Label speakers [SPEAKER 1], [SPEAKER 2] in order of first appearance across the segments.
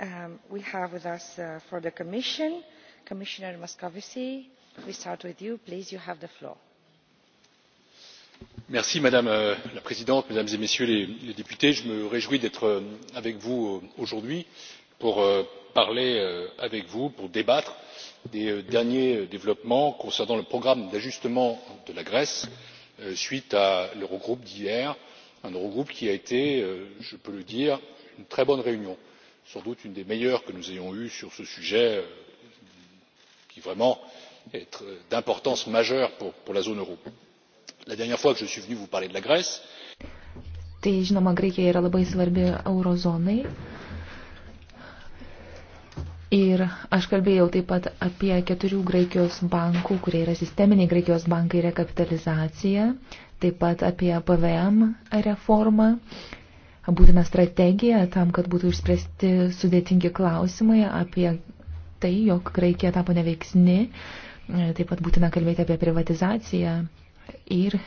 [SPEAKER 1] Um, we have with us uh, for the Commission, Commissioner Moscovici. We start with you. Please, you have the floor.
[SPEAKER 2] Merci, Madame euh, la Présidente, Mesdames et Messieurs les, les députés. Je me réjouis d'être euh, avec vous euh, aujourd'hui pour euh, parler euh, avec vous pour débattre des euh, derniers développements concernant le programme d'ajustement de la grèce suite à l'eurogroupe d'hier un eurogroupe qui a été je peux le dire une très bonne réunion sans doute une des meilleures que nous ayons eues sur ce sujet euh, qui est vraiment d'importance majeure pour la zone euro. la dernière fois que je suis venu vous parler de la grèce tai žinoma graikija yra labai svarbi euro zonai ir aš kalbėjau taip pat apie keturių graikijos bankų kurie yra sisteminiai graikijos bankai rekapitalizaciją taip pat apie pvm reformą būtina strategija tam, kad būtų išspręsti sudėtingi klausimai apie tai, jog Graikija tapo neveiksni, taip pat būtina kalbėti apie privatizaciją ir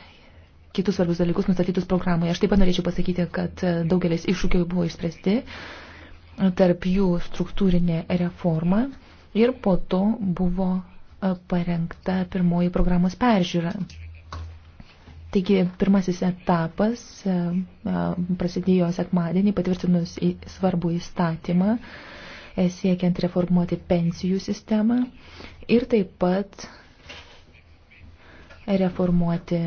[SPEAKER 2] kitus svarbus dalykus nustatytus programoje. Aš taip pat norėčiau pasakyti, kad daugelis iššūkių buvo išspręsti, tarp jų struktūrinė reforma ir po to buvo parengta pirmoji programos peržiūra. Taigi pirmasis etapas e, e, prasidėjo sekmadienį patvirtinus į svarbų įstatymą, e, siekiant reformuoti pensijų sistemą ir taip pat reformuoti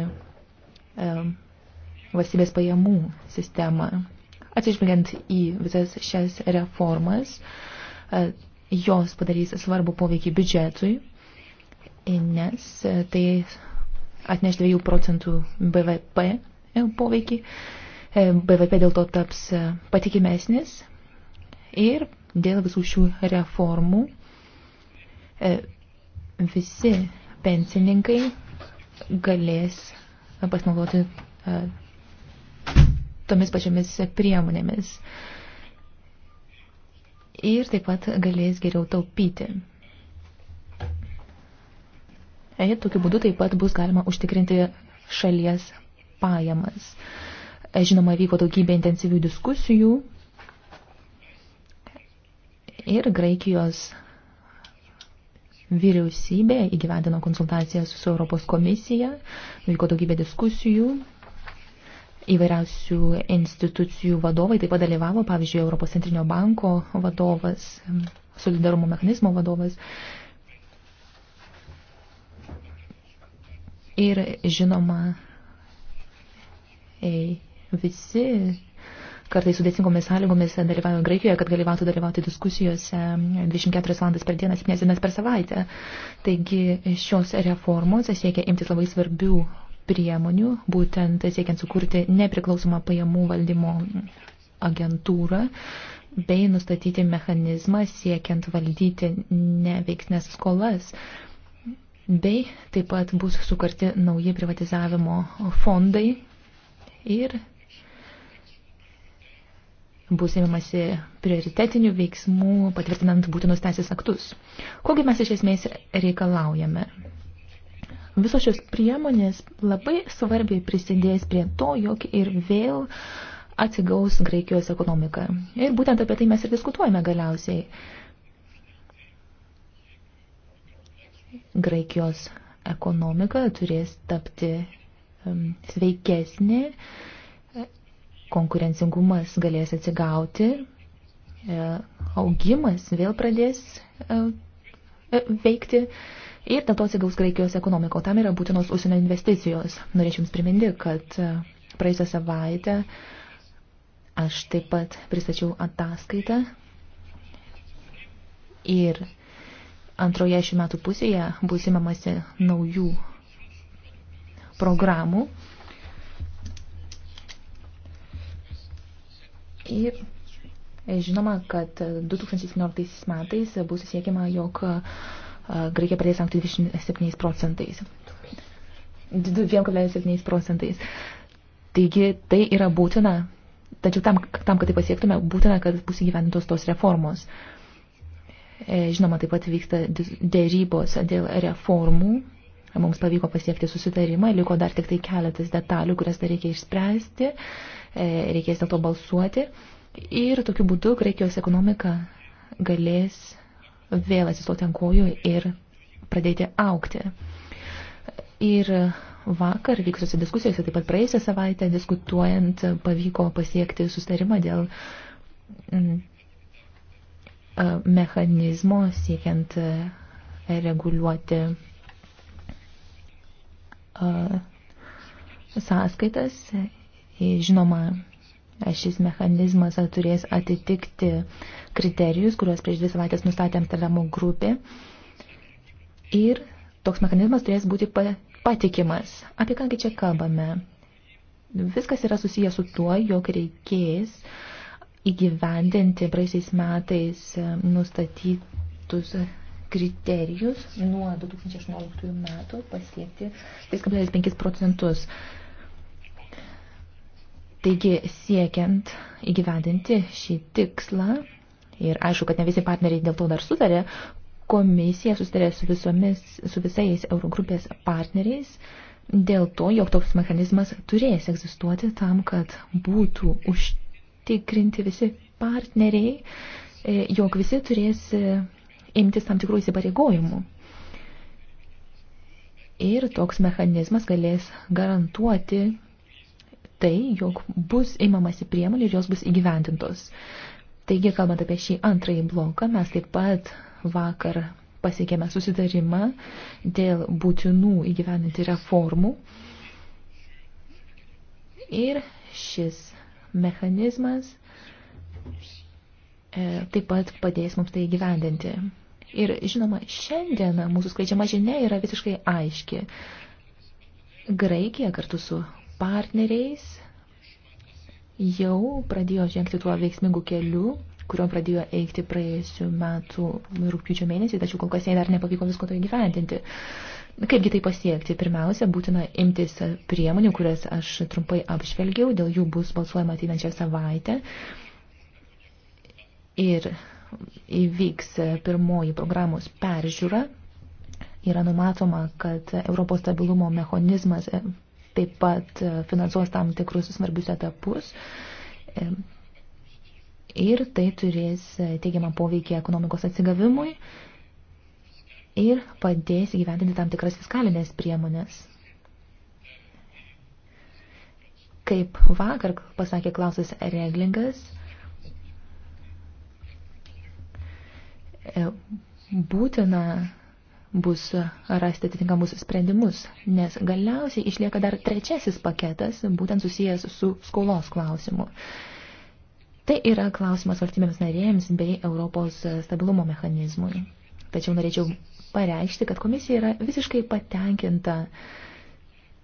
[SPEAKER 2] valstybės pajamų sistemą. Atsižvelgiant į visas šias reformas, jos padarys svarbų poveikį biudžetui, nes tai atneš 2 procentų BVP e, poveikį. E, BVP dėl to taps e, patikimesnis ir dėl visų šių reformų visi pensininkai galės pasinaudoti tomis pačiomis priemonėmis ir taip pat galės geriau taupyti. E, tokiu būdu taip pat bus galima užtikrinti šalies pajamas. E, žinoma, vyko daugybė intensyvių diskusijų ir Graikijos vyriausybė įgyvendino konsultacijas su Europos komisija, vyko daugybė diskusijų, įvairiausių institucijų vadovai taip pat dalyvavo, pavyzdžiui, Europos centrinio banko vadovas, solidarumo mechanizmo vadovas Ir žinoma, visi kartais sudėtingomis sąlygomis dalyvauja Graikijoje, kad dalyvautų dalyvauti diskusijose 24 valandas per dieną, 7 dienas per savaitę. Taigi šios reformos siekia imtis labai svarbių priemonių, būtent siekiant sukurti nepriklausomą pajamų valdymo agentūrą bei nustatyti mechanizmą siekiant valdyti neveiksnės skolas bei taip pat bus sukarti nauji privatizavimo fondai ir bus įmimasi prioritetinių veiksmų, patvirtinant būtinus teisės aktus. Kogi mes iš esmės reikalaujame? Visos šios priemonės labai svarbiai prisidės prie to, jog ir vėl atsigaus Graikijos ekonomika. Ir būtent apie tai mes ir diskutuojame galiausiai. Graikijos ekonomika turės tapti sveikesnė, konkurencingumas galės atsigauti, e, augimas vėl pradės e, e, veikti ir dėl to atsigaus Graikijos ekonomika, o tam yra būtinos užsienio investicijos. Norėčiau Jums priminti, kad praėjusią savaitę aš taip pat pristačiau ataskaitą ir antroje šių metų pusėje bus įmamasi naujų programų. Ir žinoma, kad 2017 metais bus siekiama, jog Graikija pradės ankti 27 procentais. 2,7 procentais. Taigi tai yra būtina, tačiau tam, tam kad tai pasiektume, būtina, kad bus įgyvendintos tos reformos. Uh, E, žinoma, taip pat vyksta dėrybos dėl reformų. Mums pavyko pasiekti susitarimą, liko dar tik tai keletas detalių, kurias dar reikia išspręsti, e, reikės dėl to balsuoti. Ir tokiu būdu Graikijos ekonomika galės vėl atsistoti ant kojų ir pradėti aukti. Ir vakar vykusiuose diskusijose, taip pat praėjusią savaitę diskutuojant, pavyko pasiekti sustarimą dėl mechanizmo siekiant reguliuoti sąskaitas. Žinoma, šis mechanizmas turės atitikti kriterijus, kuriuos prieš dvi savaitės nustatė Amsterdamo grupė. Ir toks mechanizmas turės būti patikimas. Apie kągi čia kalbame? Viskas yra susijęs su tuo, jog reikės uh, įgyvendinti praeisiais metais e, nustatytus kriterijus nuo 2018 metų pasiekti 3,5 procentus. Taigi siekiant įgyvendinti šį tikslą, ir aišku, kad ne visi partneriai dėl to dar sutarė, komisija susitarė su, visomis, su visais Eurogrupės partneriais dėl to, jog toks mechanizmas turės egzistuoti tam, kad būtų užtikrinti užtikrinti visi partneriai, e, jog visi turės e, imtis tam tikrų įsipareigojimų. Ir toks mechanizmas galės garantuoti tai, jog bus imamasi priemonių ir jos bus įgyvendintos. Taigi, kalbant apie šį antrąjį bloką, mes taip pat vakar pasiekėme susitarimą dėl būtinų įgyvendinti reformų. Ir šis mechanizmas e, taip pat padės mums tai gyvendinti. Ir žinoma, šiandien mūsų skleidžiama žinia yra visiškai aiški. Graikija kartu su partneriais jau pradėjo žengti tuo veiksmingu keliu, kurio pradėjo eikti praėjusiu metu rūpiučio mėnesį, tačiau kol kas jai dar nepavyko visko to įgyvendinti. E, Kaipgi tai pasiekti? Pirmiausia, būtina imtis priemonių, kurias aš trumpai apžvelgiau, dėl jų bus balsuojama ateinančią savaitę. Ir įvyks pirmoji programos peržiūra. Yra numatoma, kad Europos stabilumo mechanizmas taip pat finansuos tam tikrus svarbius etapus. Ir tai turės teigiamą poveikį ekonomikos atsigavimui ir padės įgyvendinti tam tikras fiskalinės priemonės. Kaip vakar pasakė Klausas Reglingas, e, būtina bus rasti atitinkamus sprendimus, nes galiausiai išlieka dar trečiasis paketas, būtent susijęs su skolos klausimu. Tai yra klausimas valstybėms narėjams bei Europos stabilumo mechanizmui. Tačiau norėčiau pareikšti, kad komisija yra visiškai patenkinta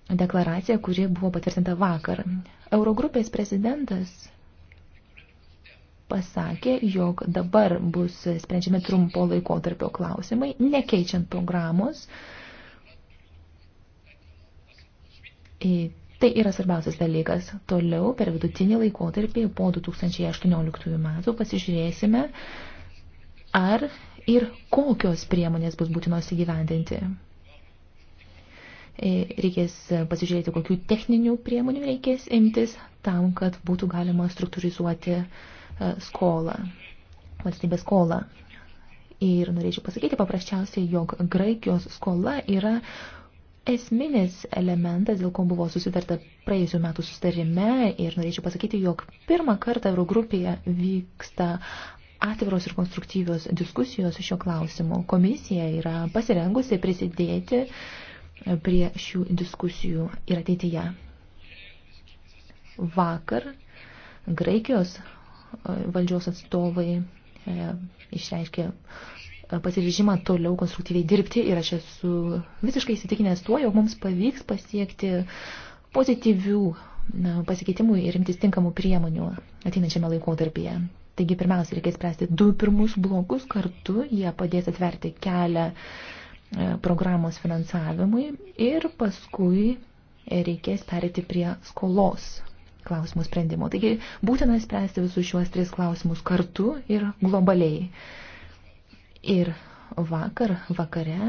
[SPEAKER 2] deklaracija, kuri buvo patvirtinta vakar. Eurogrupės prezidentas pasakė, jog dabar bus sprendžiami trumpo laikotarpio klausimai, nekeičiant programos. Tai yra svarbiausias dalykas. Toliau per vidutinį laikotarpį po 2018 metų pasižiūrėsime, ar ir kokios priemonės bus būtinos įgyvendinti. E, reikės pasižiūrėti, kokių techninių priemonių reikės imtis tam, kad būtų galima struktūrizuoti e, skolą, valstybės skolą. Ir norėčiau pasakyti paprasčiausiai, jog Graikijos skola yra esminis elementas, dėl ko buvo susitarta praėjusių metų sustarime ir norėčiau pasakyti, jog pirmą kartą Eurogrupėje vyksta atviros ir konstruktyvios diskusijos šio klausimu. Komisija yra pasirengusi prisidėti prie šių diskusijų ir ateityje. Vakar Graikijos e, valdžios atstovai e, išreiškė e, pasiryžimą toliau konstruktyviai dirbti ir aš esu visiškai įsitikinęs tuo, jog mums pavyks pasiekti pozityvių pasikeitimų ir imtis tinkamų priemonių ateinančiame laikotarpyje. Taigi pirmiausia, reikia spręsti du pirmus blokus kartu, jie padės atverti kelią e, programos finansavimui ir paskui reikės perėti prie skolos klausimų sprendimo. Taigi būtina spręsti visus šiuos tris klausimus kartu ir globaliai. Ir vakar, vakare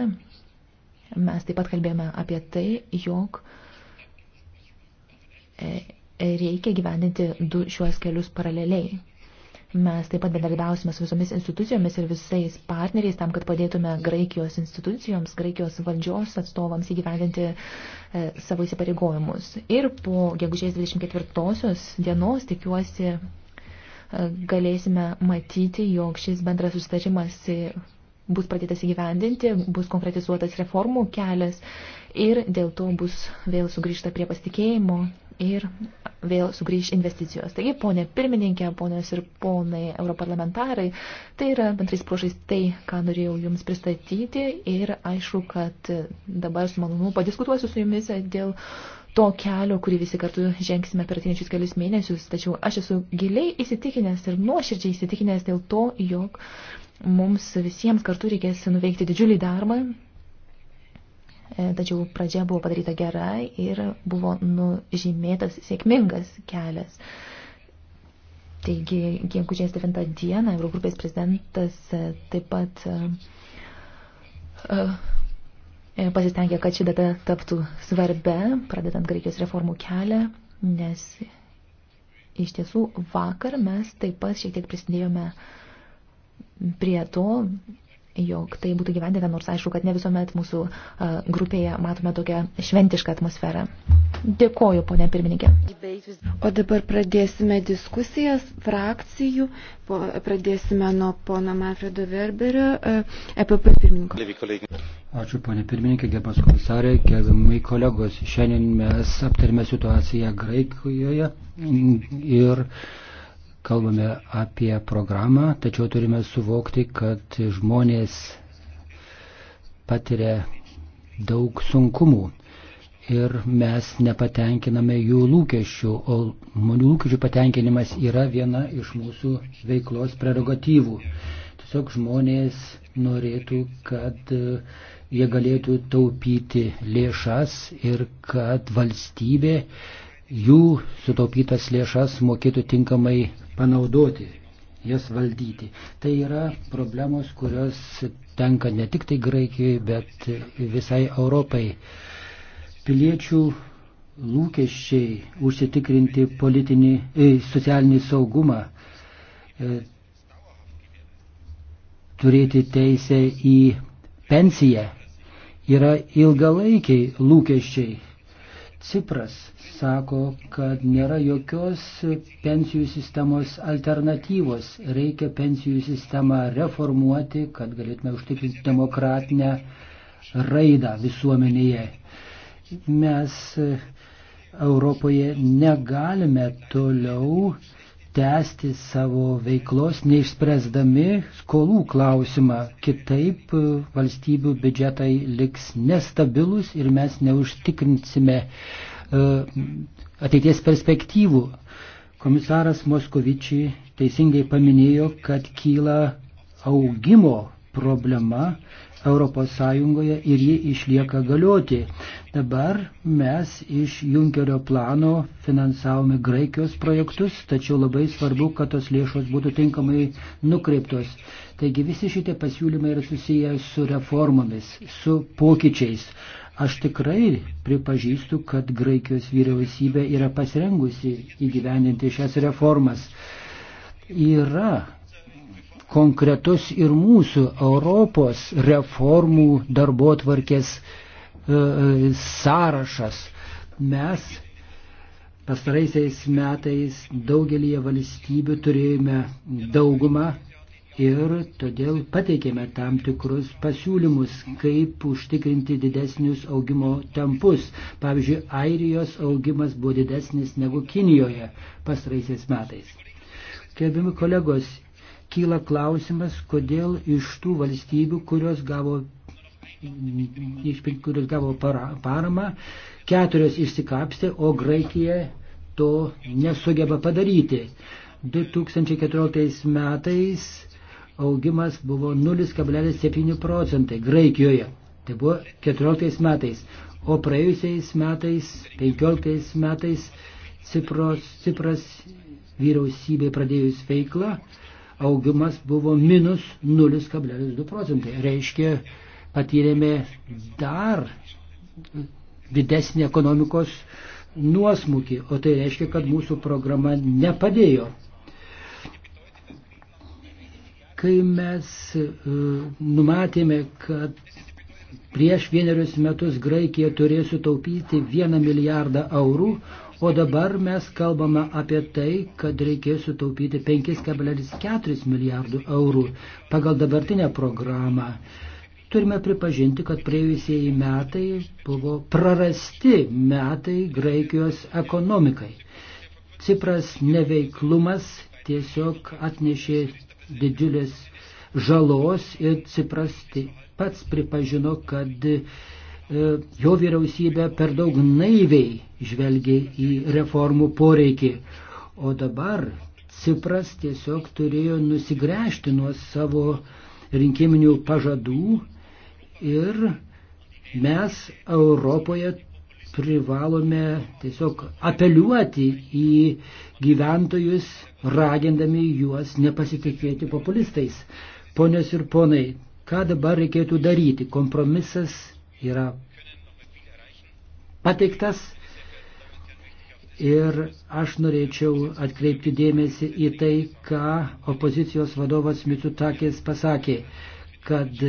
[SPEAKER 2] mes taip pat kalbėjome apie tai, jog e, reikia gyvendinti du šiuos kelius paraleliai. Mes taip pat bendradarbiausime su visomis institucijomis ir visais partneriais tam, kad padėtume Graikijos institucijoms, Graikijos valdžios atstovams įgyvendinti e, savo įsipareigojimus. Ir po gegužės 24 dienos tikiuosi e, galėsime matyti, jog šis bendras susitarimas bus pradėtas įgyvendinti, bus konkretizuotas reformų kelias ir dėl to bus vėl sugrįžta prie pasitikėjimo ir vėl sugrįž investicijos. Taigi, ponė pirmininkė, ponios ir ponai europarlamentarai, tai yra bendrais prožais tai, ką norėjau jums pristatyti ir aišku, kad dabar su malonumu padiskutuosiu su jumis dėl to kelio, kurį visi kartu žengsime per ateinančius kelius mėnesius, tačiau aš esu giliai įsitikinęs ir nuoširdžiai įsitikinęs dėl to, jog mums visiems kartu reikės nuveikti didžiulį darbą, E, tačiau pradžia buvo padaryta gera ir buvo nužymėtas sėkmingas kelias. Taigi, gegužės 9 dieną Eurogrupės prezidentas e, taip pat e, pasistengė, kad ši data taptų svarbia, pradedant Graikijos reformų kelią, nes iš tiesų vakar mes taip pat šiek tiek prisidėjome prie to, jog tai būtų gyvendina, nors aišku, kad ne visuomet mūsų e, grupėje matome tokią šventišką atmosferą. Dėkoju, ponė pirmininkė. O dabar pradėsime diskusijas frakcijų. Pradėsime
[SPEAKER 3] nuo pono Manfredo Verberio, EPP e
[SPEAKER 4] pirmininko. Ačiū, ponė pirmininkė, gerbas komisarė, gerbamai kolegos. Šiandien mes aptarėme situaciją Graikijoje ir kalbame apie programą, tačiau turime suvokti, kad žmonės patiria daug sunkumų ir mes nepatenkiname jų lūkesčių, o žmonių lūkesčių patenkinimas yra viena iš mūsų veiklos prerogatyvų. Tiesiog žmonės norėtų, kad e, jie galėtų taupyti lėšas ir kad valstybė jų sutaupytas lėšas mokėtų tinkamai panaudoti, jas valdyti. Tai yra problemos, kurios tenka ne tik tai Graikijai, bet visai Europai. Piliečių lūkesčiai užsitikrinti politinį, e, socialinį saugumą, e, turėti teisę į pensiją yra ilgalaikiai lūkesčiai Cipras sako, kad nėra jokios pensijų sistemos alternatyvos. Reikia pensijų sistemą reformuoti, kad galėtume užtikrinti demokratinę raidą visuomenėje. Mes e, Europoje negalime toliau uh, tęsti savo veiklos, neišspręsdami skolų klausimą. Kitaip e, valstybių biudžetai liks nestabilus ir mes neužtikrinsime e, ateities perspektyvų. Komisaras Moskovičiai teisingai paminėjo, kad kyla augimo problema, ES ir ji išlieka galioti. Dabar mes iš Junkerio plano finansavome Graikijos projektus, tačiau labai svarbu, kad tos lėšos būtų tinkamai nukreiptos. Taigi visi šitie pasiūlymai yra susiję su reformomis, su pokyčiais. Aš tikrai pripažįstu, kad Graikijos vyriausybė yra pasirengusi įgyvendinti šias reformas. Yra konkretus ir mūsų Europos reformų darbo tvarkės e, e, sąrašas. Mes pastaraisiais metais daugelį valstybių turėjome daugumą ir todėl pateikėme tam tikrus pasiūlymus, kaip užtikrinti didesnius augimo tempus. Pavyzdžiui, Airijos augimas buvo didesnis negu Kinijoje pastaraisiais metais. Kelbimi kolegos, kyla klausimas, kodėl iš tų valstybių, kurios gavo, iš, kurios gavo para, paramą, keturios išsikapstė, o Graikija to nesugeba padaryti. 2014 metais augimas buvo 0,7 procentai Graikijoje. Tai buvo 14 metais. O praėjusiais metais, 15 metais, Cipros, Cipras vyriausybė pradėjus veiklą, augimas buvo minus 0,2 procentai. Reiškia, patyrėme dar didesnį ekonomikos nuosmukį, o tai reiškia, kad mūsų programa nepadėjo. Kai mes e, numatėme, kad prieš vienerius metus Graikija turės sutaupyti vieną milijardą eurų, O dabar mes kalbame apie tai, kad reikės sutaupyti 5,4 milijardų eurų pagal dabartinę programą. Turime pripažinti, kad praėjusieji metai buvo prarasti metai Graikijos ekonomikai. Cipras neveiklumas tiesiog atnešė didžiulės žalos ir Cipras pats pripažino, kad E, jo vyriausybė per daug naiviai žvelgia į reformų poreikį. O dabar Cipras tiesiog turėjo nusigręžti nuo savo rinkiminių pažadų ir mes Europoje privalome tiesiog apeliuoti į gyventojus, ragindami juos nepasitikėti populistais. Ponios ir ponai, ką dabar reikėtų daryti? Kompromisas yra pateiktas ir aš norėčiau atkreipti dėmesį į tai, ką opozicijos vadovas Mitsutakis pasakė, kad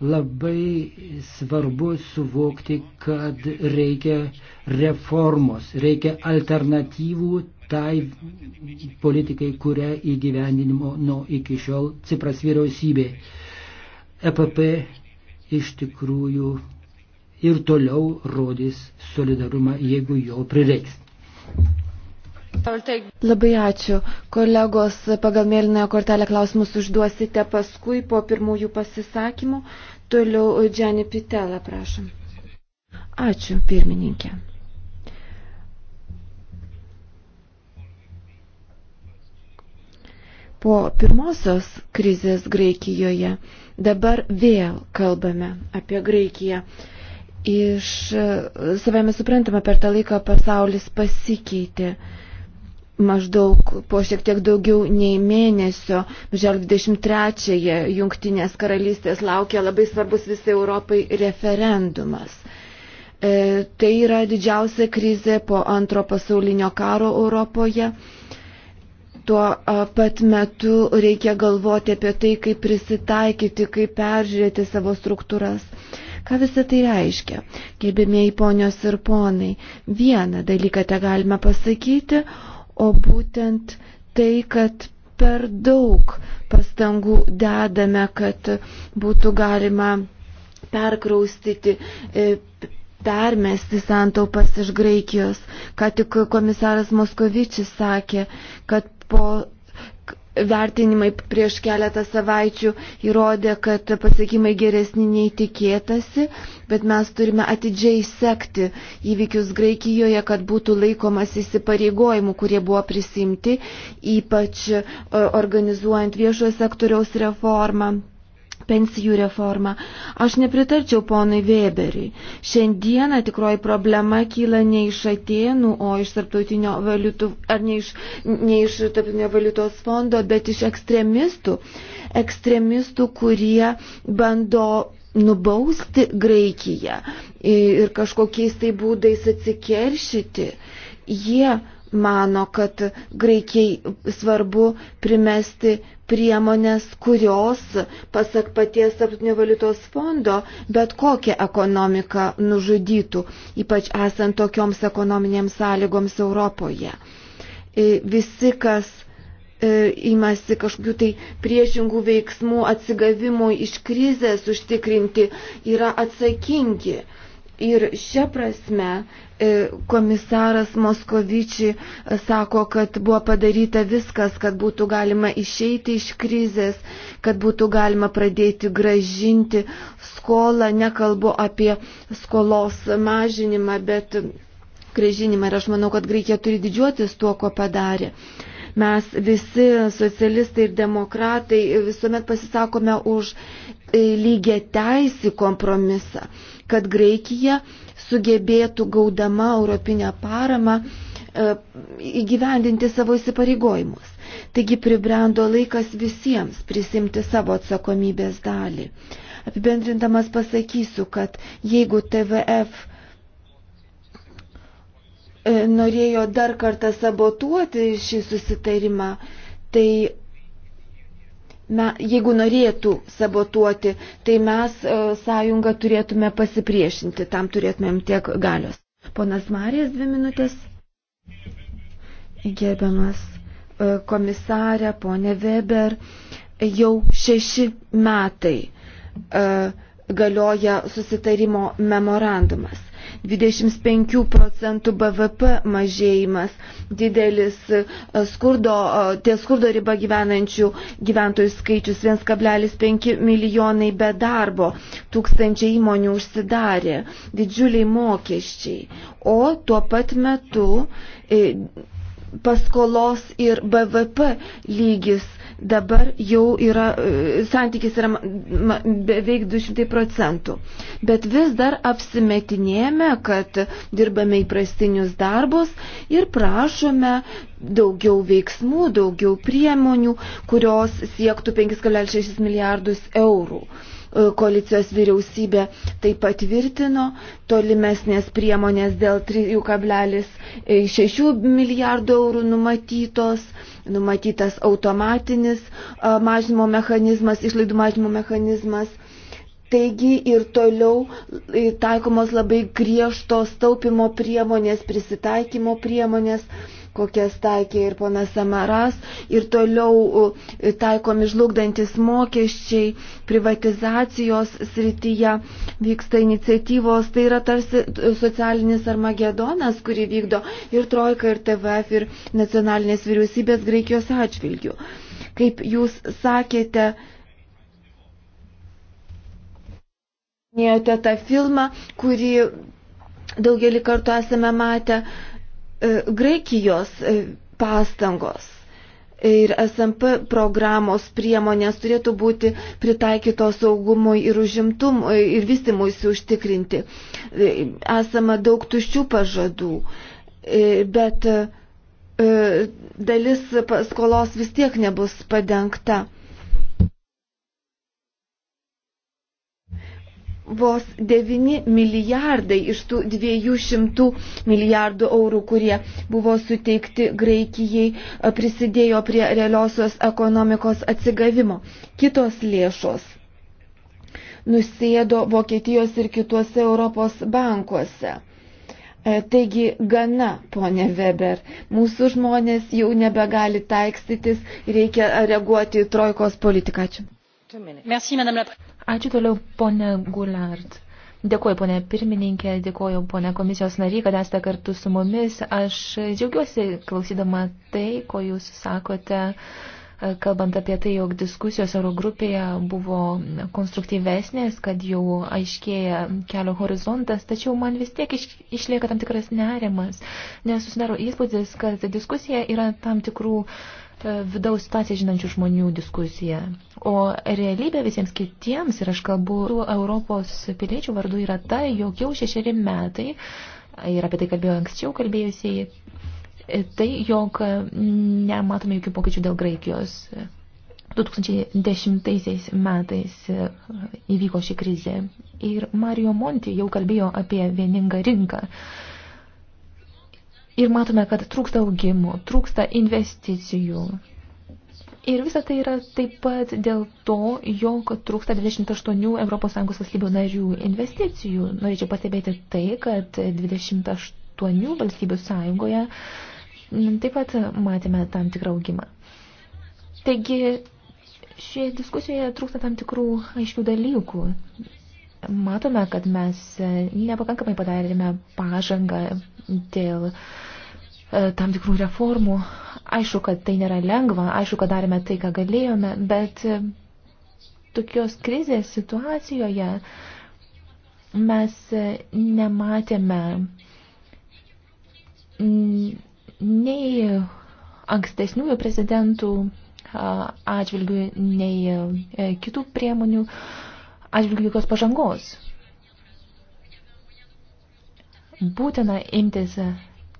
[SPEAKER 4] labai svarbu suvokti, kad reikia reformos, reikia alternatyvų tai politikai, kurią įgyvendinimo nuo iki šiol Cipras vyriausybė. EPP iš tikrųjų ir toliau rodys solidarumą, jeigu jo prireiks.
[SPEAKER 3] Labai ačiū. Kolegos, pagal mėlynąją kortelę klausimus užduosite paskui po pirmųjų pasisakymų. Toliau e, Džani Pitelą, prašom. Ačiū, pirmininkė. po pirmosios krizės Graikijoje dabar vėl kalbame apie Graikiją iš savai mes suprantama, per tą laiką pasaulis pasikeitė maždaug po šiek tiek daugiau nei mėnesio, birželio 23-ąją Junktinės karalystės laukia labai svarbus visai Europai referendumas. E, tai yra didžiausia krizė po antro pasaulinio karo Europoje. Tuo pat metu reikia galvoti apie tai, kaip prisitaikyti, kaip peržiūrėti savo struktūras. E, Ką visą tai reiškia? Gerbėmėjai ponios ir ponai, vieną dalyką te galime pasakyti, o būtent tai, kad per daug pastangų dedame, kad būtų galima perkraustyti e, permesti santaupas iš Graikijos. Ką tik komisaras Moskovičius sakė, kad po vertinimai prieš keletą savaičių įrodė, kad pasiekimai geresni nei tikėtasi, bet mes turime atidžiai sekti įvykius Graikijoje, kad būtų laikomas įsipareigojimų, kurie buvo prisimti, ypač e, organizuojant viešojo sektoriaus reformą pensijų reformą. Aš nepritarčiau ponui Weberiui. Šiandieną tikroji problema kyla ne iš Atenų, o iš tarptautinio valiutų, ar ne iš, ne iš tarptautinio valiutos fondo, bet iš ekstremistų. Ekstremistų, kurie bando nubausti Graikiją ir kažkokiais tai būdais atsikeršyti. Jie mano, kad Graikijai svarbu primesti priemonės, kurios, pasak paties Tarptautinio valiutos fondo, bet kokią ekonomiką nužudytų, ypač esant tokioms ekonominėms sąlygoms Europoje. E, visi, kas įmasi e, kažkokių tai priešingų veiksmų atsigavimui iš krizės užtikrinti, yra atsakingi. Ir šią prasme e, komisaras Moskovičiai e, sako, kad buvo padaryta viskas, kad būtų galima išeiti iš krizės, kad būtų galima pradėti gražinti skolą. Nekalbu apie skolos mažinimą, bet gražinimą. Ir aš manau, kad Graikija turi didžiuotis tuo, ko padarė. Mes visi socialistai ir demokratai visuomet pasisakome už e, lygiai teisį kompromisą kad Graikija sugebėtų gaudama europinę paramą e, įgyvendinti savo įsipareigojimus. Taigi pribrendo laikas visiems prisimti savo atsakomybės dalį. Apibendrindamas pasakysiu, kad jeigu TVF e, norėjo dar kartą sabotuoti šį susitarimą, tai me, jeigu norėtų sabotuoti, tai mes e, sąjungą turėtume pasipriešinti, tam turėtumėm tiek galios. Ponas Marijas, dvi minutės. Gerbiamas e, komisarė, ponė Weber, jau šeši metai e, galioja susitarimo memorandumas. 25 procentų BVP mažėjimas, didelis e, skurdo, e, ties skurdo riba gyvenančių gyventojų skaičius 1,5 milijonai be darbo, tūkstančiai įmonių užsidarė, didžiuliai mokesčiai. O tuo pat metu e, paskolos ir BVP lygis dabar jau yra, e, santykis yra beveik 200 procentų. Bet vis dar apsimetinėjame, kad dirbame įprastinius darbus ir prašome daugiau veiksmų, daugiau priemonių, kurios siektų 5,6 milijardus eurų e, koalicijos vyriausybė tai patvirtino, tolimesnės priemonės dėl 3,6 milijardų eurų numatytos, numatytas automatinis mažinimo mechanizmas, išlaidų mažinimo mechanizmas. Taigi ir toliau taikomos labai griežtos taupimo priemonės, prisitaikymo priemonės. priemonės kokias taikė ir ponas Samaras, ir toliau taikomi žlugdantis mokesčiai, privatizacijos srityje vyksta iniciatyvos, tai yra tarsi socialinis armagedonas, kurį vykdo ir Trojka, ir TVF, ir nacionalinės vyriausybės Graikijos atžvilgių. Kaip jūs sakėte, minėjote tą filmą, kurį daugelį kartų esame matę, uh, E, Graikijos e, pastangos ir SMP programos priemonės turėtų būti pritaikytos saugumui ir užimtumui e, ir vystimuisi užtikrinti. Esama daug tuščių pažadų, bet dalis paskolos vis tiek nebus padengta. vos 9 milijardai iš tų 200 milijardų eurų, kurie buvo suteikti Graikijai, e, prisidėjo prie realiosios ekonomikos atsigavimo. Kitos lėšos nusėdo Vokietijos ir kituose Europos bankuose. E, taigi gana, ponė Weber, mūsų žmonės jau nebegali taikstytis, reikia reaguoti į trojkos politiką. Ačiū.
[SPEAKER 2] Ačiū toliau, ponė Gulard. Dėkuoju, ponė pirmininkė, dėkuoju, ponė komisijos nary, kad esate kartu su mumis. Aš džiaugiuosi klausydama tai, ko jūs sakote, kalbant apie tai, jog diskusijos Eurogrupėje buvo konstruktyvesnės, kad jau aiškėja kelio horizontas, tačiau man vis tiek iš, išlieka tam tikras nerimas, nes susidaro įspūdis, kad diskusija yra tam tikrų uh, E, vidaus situaciją žinančių žmonių diskusija. O realybė visiems kitiems, ir aš kalbu Europos piliečių vardu, yra ta, jog jau šešeri metai, ir apie tai kalbėjau anksčiau kalbėjusiai, e, tai, jog nematome jokių pokyčių dėl Graikijos. 2010 metais e, įvyko ši krizė ir Mario Monti jau kalbėjo apie vieningą rinką. Ir matome, kad trūksta augimų, trūksta investicijų. Ir visa tai yra taip pat dėl to, jog trūksta 28 ES valstybių narių investicijų. Norėčiau pastebėti tai, kad 28 valstybių sąjungoje mm, taip pat matėme tam tikrą augimą. Taigi, šioje diskusijoje trūksta tam tikrų aiškių dalykų. Matome, kad mes nepakankamai padarėme pažangą dėl uh, E, tam tikrų reformų. Aišku, kad tai nėra lengva, aišku, kad darėme tai, ką galėjome, bet e, tokios krizės situacijoje mes e, nematėme nei ankstesniųjų prezidentų atžvilgių, nei kitų priemonių atžvilgių jokios pažangos. Būtina imtis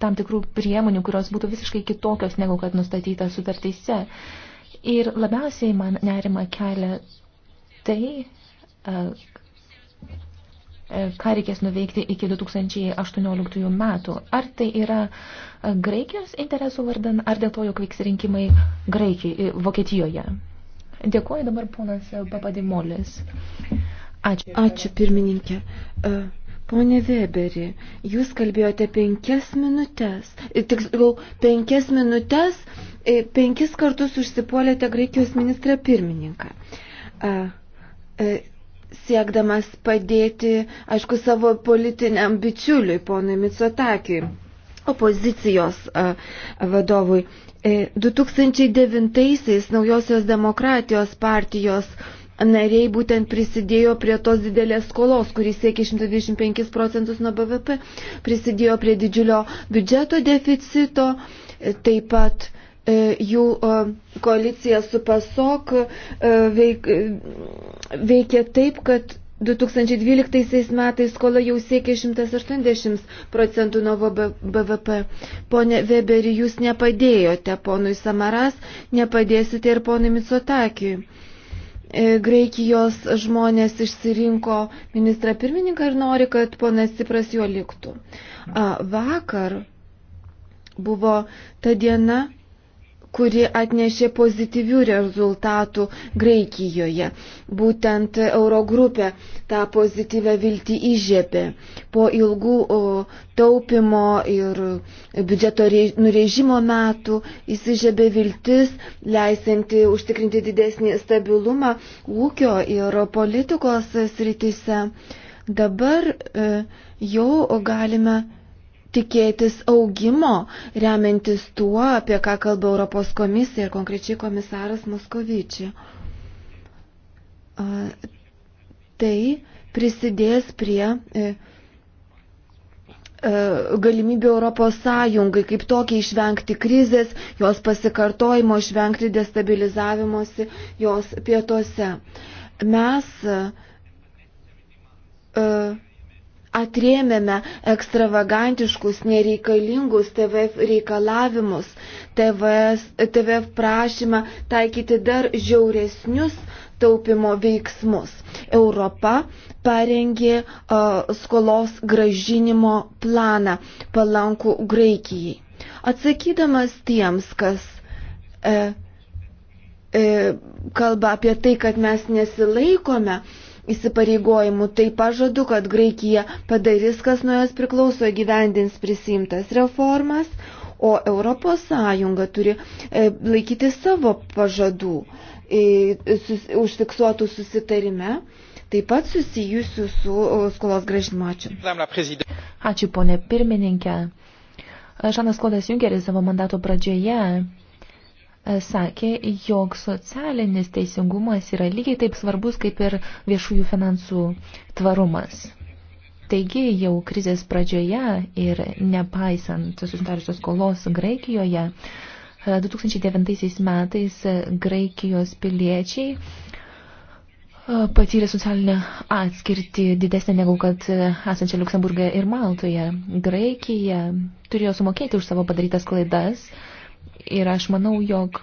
[SPEAKER 2] tam tikrų priemonių, kurios būtų visiškai kitokios negu kad nustatyta sutartyse. Ir labiausiai man nerima kelia tai, ką reikės nuveikti iki 2018 metų. Ar tai yra Graikijos interesų vardan, ar dėl to, jog vyks rinkimai Graikijai, Vokietijoje? Dėkuoju dabar ponas Papadimolis. Ačiū. Ačiū pirmininkė. Uh
[SPEAKER 3] Pone Weberi, jūs kalbėjote penkias minutės, e, tiksliau penkias minutės, e, penkis kartus užsipuolėte Graikijos ministrą pirmininką. E, siekdamas padėti, aišku, savo politiniam bičiuliui, ponui Mitsotakiui, opozicijos vadovui. 2009-aisiais Naujosios demokratijos partijos nariai būtent prisidėjo prie tos didelės skolos, kuris siekia 125 procentus nuo BVP, prisidėjo prie didžiulio biudžeto deficito, taip pat e, jų e, koalicija su PASOK e, veikia taip, kad 2012 metais skola jau siekia 180 procentų nuo BVP. Pone Weberi, jūs nepadėjote ponui Samaras, nepadėsite ir ponui Mitsotakiui. E, Graikijos žmonės išsirinko ministrą pirmininką ir nori, kad ponas Cipras juo liktų. Vakar buvo ta diena, kuri atnešė pozityvių rezultatų Graikijoje. Būtent Eurogrupė tą pozityvę viltį įžiebė. Po ilgų taupimo ir biudžeto nurežimo metų įsižiebė viltis, leisinti užtikrinti didesnį stabilumą ūkio ir politikos sritise. Dabar e, jau galime tikėtis augimo, remiantis tuo, apie ką kalba Europos komisija ir konkrečiai komisaras Moskovičiai. Tai prisidės prie e, e, galimybė Europos Sąjungai kaip tokiai išvengti krizės, jos pasikartojimo, išvengti destabilizavimosi jos pietuose. Mes uh, atrėmėme ekstravagantiškus, nereikalingus TVF reikalavimus, TVS, TVF prašymą taikyti dar žiauresnius taupimo veiksmus. Europa parengė uh, skolos gražinimo planą palankų Graikijai. Atsakydamas tiems, kas e, e, kalba apie tai, kad mes nesilaikome uh, įsipareigojimų. Tai pažadu, kad Graikija padarys, kas nuo jos priklauso, gyvendins prisimtas reformas, o ES turi e, laikyti savo pažadų e, užfiksuotų susitarime. Taip pat susijusių su skolos gražinimu.
[SPEAKER 2] Ačiū. Ačiū, ponė pirmininkė. Žanas Klodas Junkeris savo mandato pradžioje E, sakė, jog socialinis teisingumas yra lygiai taip svarbus kaip ir viešųjų finansų tvarumas. Taigi jau krizės pradžioje ir nepaisant susidariusios skolos Graikijoje, 2009 e, metais Graikijos piliečiai e, patyrė socialinę atskirtį didesnę negu kad esančia Luksemburgė ir Maltoje. Graikija turėjo sumokėti už savo padarytas klaidas Ir aš manau, jog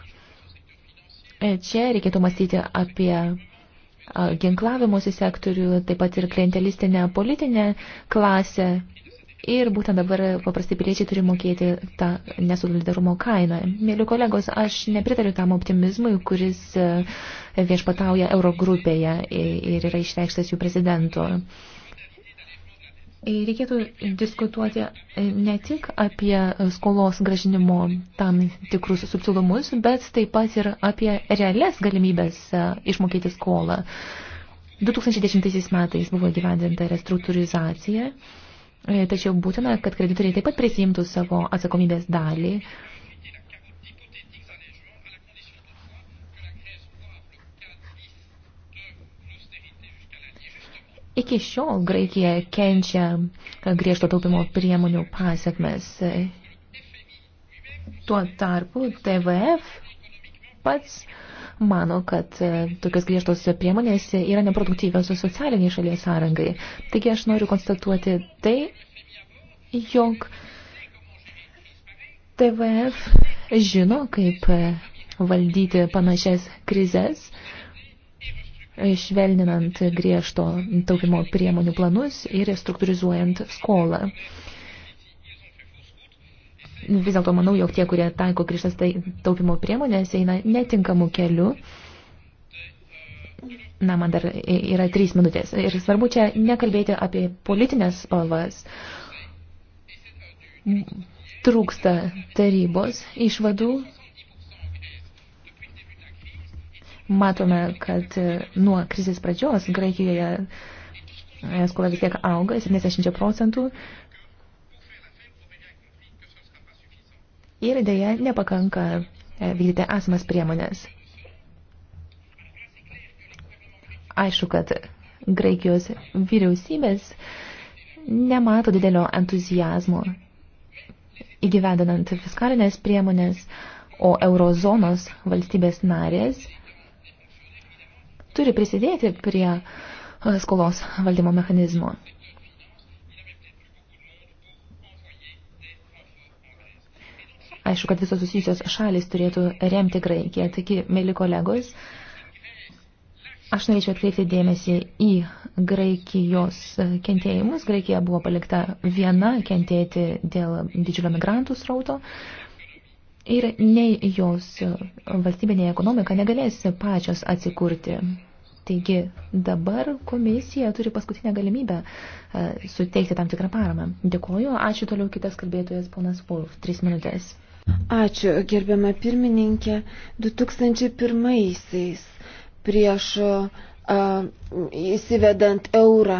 [SPEAKER 2] e, čia reikėtų mąstyti apie ginklavimuose sektorių, taip pat ir klientelistinę politinę klasę. Ir būtent dabar paprastai piliečiai turi mokėti tą nesolidarumo kainą. Mėly kolegos, aš nepritariu tam optimizmui, kuris e, viešpatauja Eurogrupėje ir yra išreikštas jų prezidento. E, reikėtų diskutuoti e, ne tik apie skolos gražinimo tam tikrus subtilumus, bet taip pat ir apie realias galimybės e, išmokėti skolą. 2010 metais buvo gyvendinta restruktūrizacija, tačiau būtina, kad kreditoriai taip pat prisijimtų savo atsakomybės dalį Iki šiol Graikija kenčia griežto taupimo priemonių pasiekmes. Tuo tarpu TVF pats mano, kad tokios griežtos priemonės yra neproduktyvios socialiniai šalies sąrangai. Taigi aš noriu konstatuoti tai, jog TVF žino, kaip valdyti panašias krizės švelninant griežto taupimo priemonių planus ir struktūrizuojant skolą. Vis dėlto manau, jog tie, kurie taiko griežtas tai- taupimo priemonės, eina netinkamų kelių. Na, man dar yra trys minutės. Ir svarbu čia nekalbėti apie politinės spalvas. Trūksta tarybos išvadų Matome, kad nuo krizės pradžios Graikijoje skola vis tiek auga 70 procentų. Ir dėja nepakanka e, vykdyti esamas priemonės. Aišku, kad Graikijos vyriausybės nemato didelio entuzijazmo įgyvendinant fiskalinės priemonės, o eurozonos valstybės narės – turi prisidėti prie e, skolos valdymo mechanizmo. Aišku, kad visos susijusios šalis turėtų remti Graikiją. Taigi, mėly kolegos, Aš norėčiau atkreipti dėmesį į Graikijos kentėjimus. Graikija buvo palikta viena kentėti dėl didžiulio migrantų srauto. Ir nei jos valstybinė ekonomika negalės pačios atsikurti. Taigi dabar komisija turi paskutinę galimybę e, suteikti tam tikrą paramą. Dėkoju, ačiū toliau kitas kalbėtojas ponas Wolf, tris minutės. Ačiū,
[SPEAKER 3] gerbiama pirmininkė. 2001-aisiais prieš e, įsivedant eurą.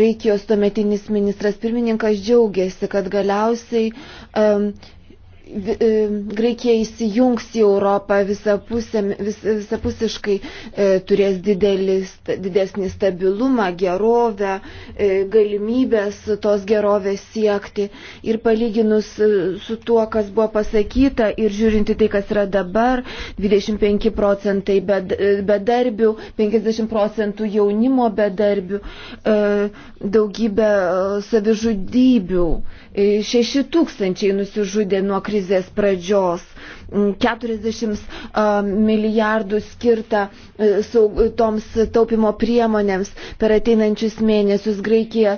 [SPEAKER 3] Graikijos tuometinis ministras pirmininkas džiaugiasi, kad galiausiai um, E, Graikija įsijungs į Europą visapusėm, vis, visapusiškai, e, turės didelis, didesnį stabilumą, gerovę, e, galimybės tos gerovės siekti. Ir palyginus e, su tuo, kas buvo pasakyta ir žiūrinti tai, kas yra dabar, 25 procentai e, bedarbių, 50 procentų jaunimo bedarbių, e, daugybė savižudybių. E, 6 tūkstančiai nusižudė nuo krizės pradžios, 40 mm, milijardų skirta e, toms taupimo priemonėms per ateinančius mėnesius. Graikija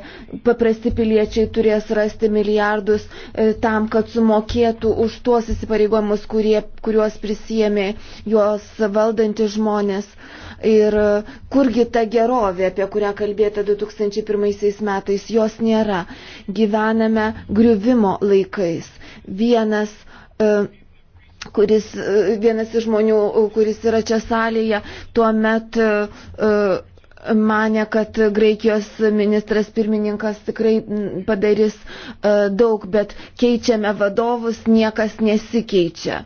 [SPEAKER 3] paprasti piliečiai turės rasti milijardus e, tam, kad sumokėtų už tuos įsipareigojimus, kurie, kuriuos prisijėmė juos valdantys žmonės. Uh, Ir e, kurgi ta gerovė, apie kurią kalbėta 2001 metais, jos nėra. Gyvename griuvimo laikais. Vienas e, kuris, e, vienas iš žmonių, kuris yra čia salėje, tuo met mane, kad Graikijos ministras pirmininkas tikrai padarys daug, bet keičiame vadovus, niekas nesikeičia.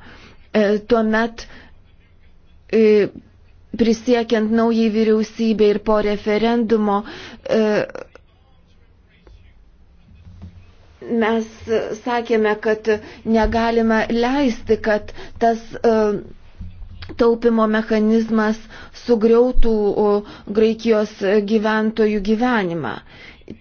[SPEAKER 3] Tuomet prisiekiant naujai vyriausybė ir po referendumo e, mes sakėme, kad negalime leisti, kad tas e, taupimo mechanizmas sugriautų Graikijos gyventojų gyvenimą.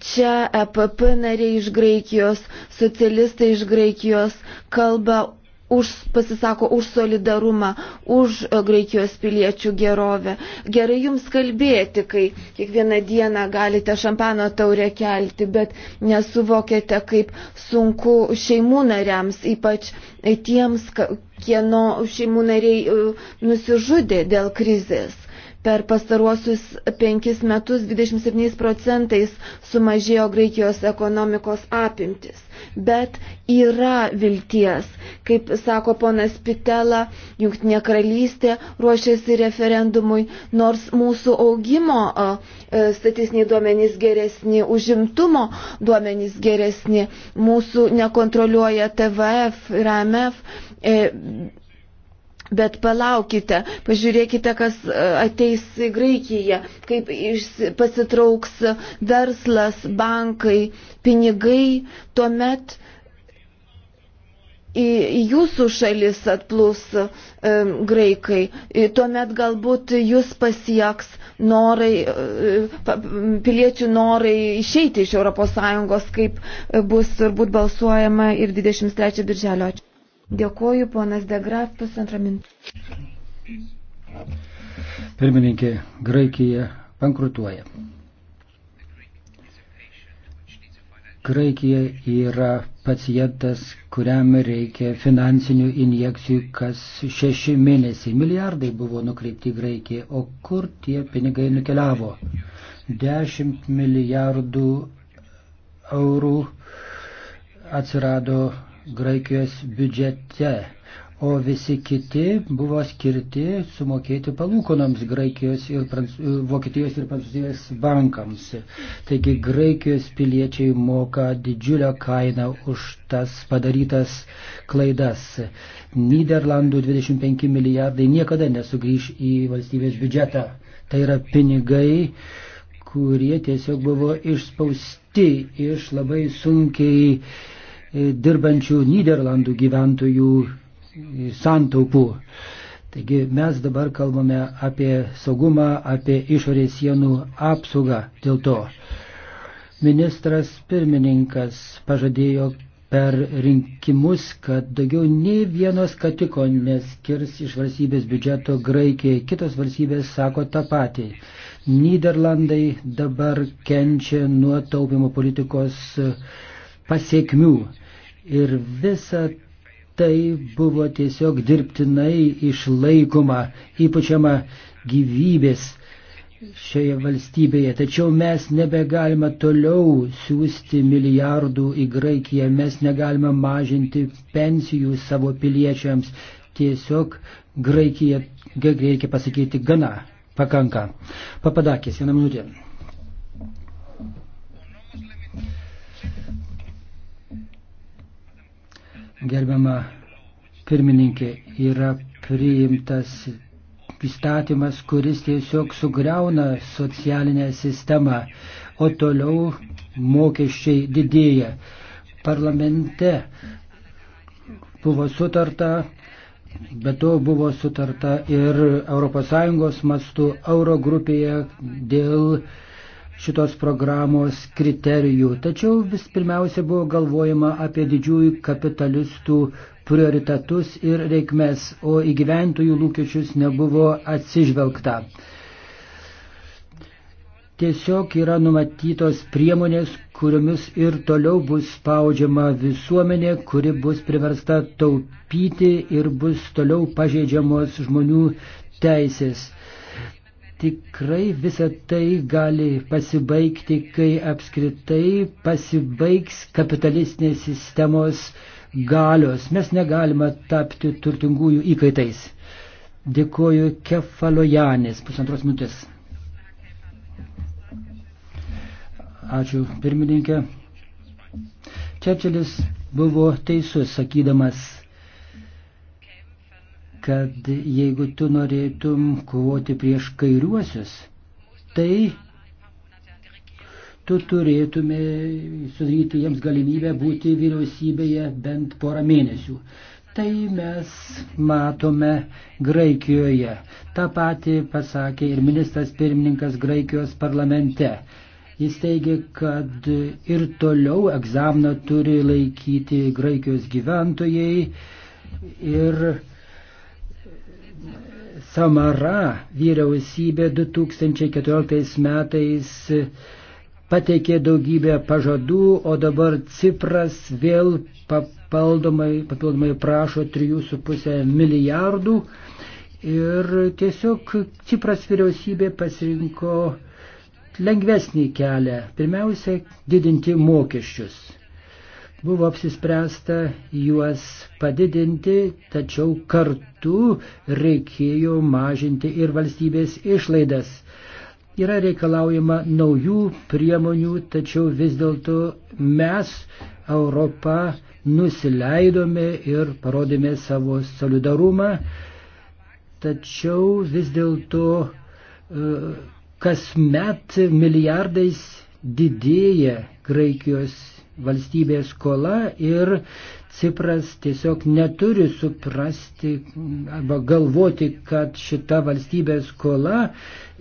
[SPEAKER 3] Čia EPP nariai iš Graikijos, socialistai iš Graikijos kalba už, pasisako už solidarumą, už e, Graikijos piliečių gerovę. Gerai jums kalbėti, kai kiekvieną dieną galite šampano taurę kelti, bet nesuvokėte, kaip sunku šeimų nariams, ypač e, tiems, kieno šeimų nariai e, nusižudė dėl krizės. Per pastaruosius penkis metus 27 procentais sumažėjo Graikijos ekonomikos apimtis. Bet yra vilties. Kaip sako ponas Pitela, Junktinė karalystė ruošiasi referendumui, nors mūsų augimo e, statistiniai duomenys geresni, užimtumo duomenys geresni, mūsų nekontroliuoja TVF ir AMF e, Bet palaukite, pažiūrėkite, kas e, ateis į Graikiją, kaip pasitrauks verslas, bankai, pinigai, tuomet į jūsų šalis atplūs e, graikai, e, tuomet galbūt jūs pasieks norai, e, piliečių norai išeiti iš ES, kaip bus turbūt balsuojama ir 23 birželio. Ačiū. Dėkuoju, ponas Degraf, pusantrą minutę.
[SPEAKER 4] Pirmininkė, Graikija bankrutuoja. Graikija yra pacientas, kuriam reikia finansinių injekcijų kas šeši mėnesiai. Milijardai buvo nukreipti į Graikiją, o kur tie pinigai nukeliavo? 10 milijardų eurų atsirado Graikijos biudžete, o visi kiti buvo skirti sumokėti palūkonoms Graikijos ir Prancū... Vokietijos ir Prancūzijos bankams. Taigi Graikijos piliečiai moka didžiulę kainą už tas padarytas klaidas. Niderlandų 25 milijardai niekada nesugrįž į valstybės biudžetą. Tai yra pinigai, kurie tiesiog buvo išspausti iš labai sunkiai dirbančių Niderlandų gyventojų santaupų. Taigi mes dabar kalbame apie saugumą, apie išorės sienų apsaugą dėl to. Ministras pirmininkas pažadėjo per rinkimus, kad daugiau nei vienos katiko neskirs iš valstybės biudžeto Graikijai. Kitos valstybės sako tą patį. Niderlandai dabar kenčia nuo taupimo politikos pasiekmių. Ir visa tai buvo tiesiog dirbtinai išlaikoma, ypačiama gyvybės šioje valstybėje. Tačiau mes nebegalime toliau siūsti milijardų į Graikiją, mes negalime mažinti pensijų savo piliečiams. Tiesiog Graikija, reikia pasakyti, gana pakanka. Papadakis, vieną minutę. gerbiama pirmininkė, yra priimtas įstatymas, kuris tiesiog sugriauna socialinę sistemą, o toliau mokesčiai didėja. Parlamente buvo sutarta, bet to buvo sutarta ir ES mastu Eurogrupėje dėl šitos programos kriterijų. Tačiau vis pirmiausia buvo galvojama apie didžiųjų kapitalistų prioritetus ir reikmes, o į gyventojų lūkesčius nebuvo atsižvelgta. Tiesiog yra numatytos priemonės, kuriomis ir toliau bus spaudžiama visuomenė, kuri bus priversta taupyti ir bus toliau pažeidžiamos žmonių teisės tikrai visa tai gali pasibaigti, kai apskritai pasibaigs kapitalistinės sistemos galios. Mes negalime tapti turtingųjų įkaitais. Dėkuoju Kefalojanis, pusantros minutės. Ačiū, pirmininkė. Čerčilis buvo teisus, sakydamas, kad jeigu tu norėtum kovoti prieš kairiuosius, tai tu turėtume sudaryti jiems galimybę būti vyriausybėje bent porą mėnesių. Tai mes matome Graikijoje. Ta pati pasakė ir ministras pirmininkas Graikijos parlamente. Jis teigia, kad ir toliau egzaminą turi laikyti Graikijos gyventojai ir Samara vyriausybė 2014 metais pateikė daugybę pažadų, o dabar Cipras vėl papildomai, papildomai prašo 3,5 milijardų. Ir tiesiog Cipras vyriausybė pasirinko lengvesnį kelią. Pirmiausia, didinti mokesčius. Buvo apsispręsta juos padidinti, tačiau kartu reikėjo mažinti ir valstybės išlaidas. Yra reikalaujama naujų priemonių, tačiau vis dėlto mes, Europa, nusileidome ir parodėme savo solidarumą, tačiau vis dėlto e, kasmet milijardais didėja Graikijos valstybės skola ir Cipras tiesiog neturi suprasti arba galvoti, kad šita valstybės skola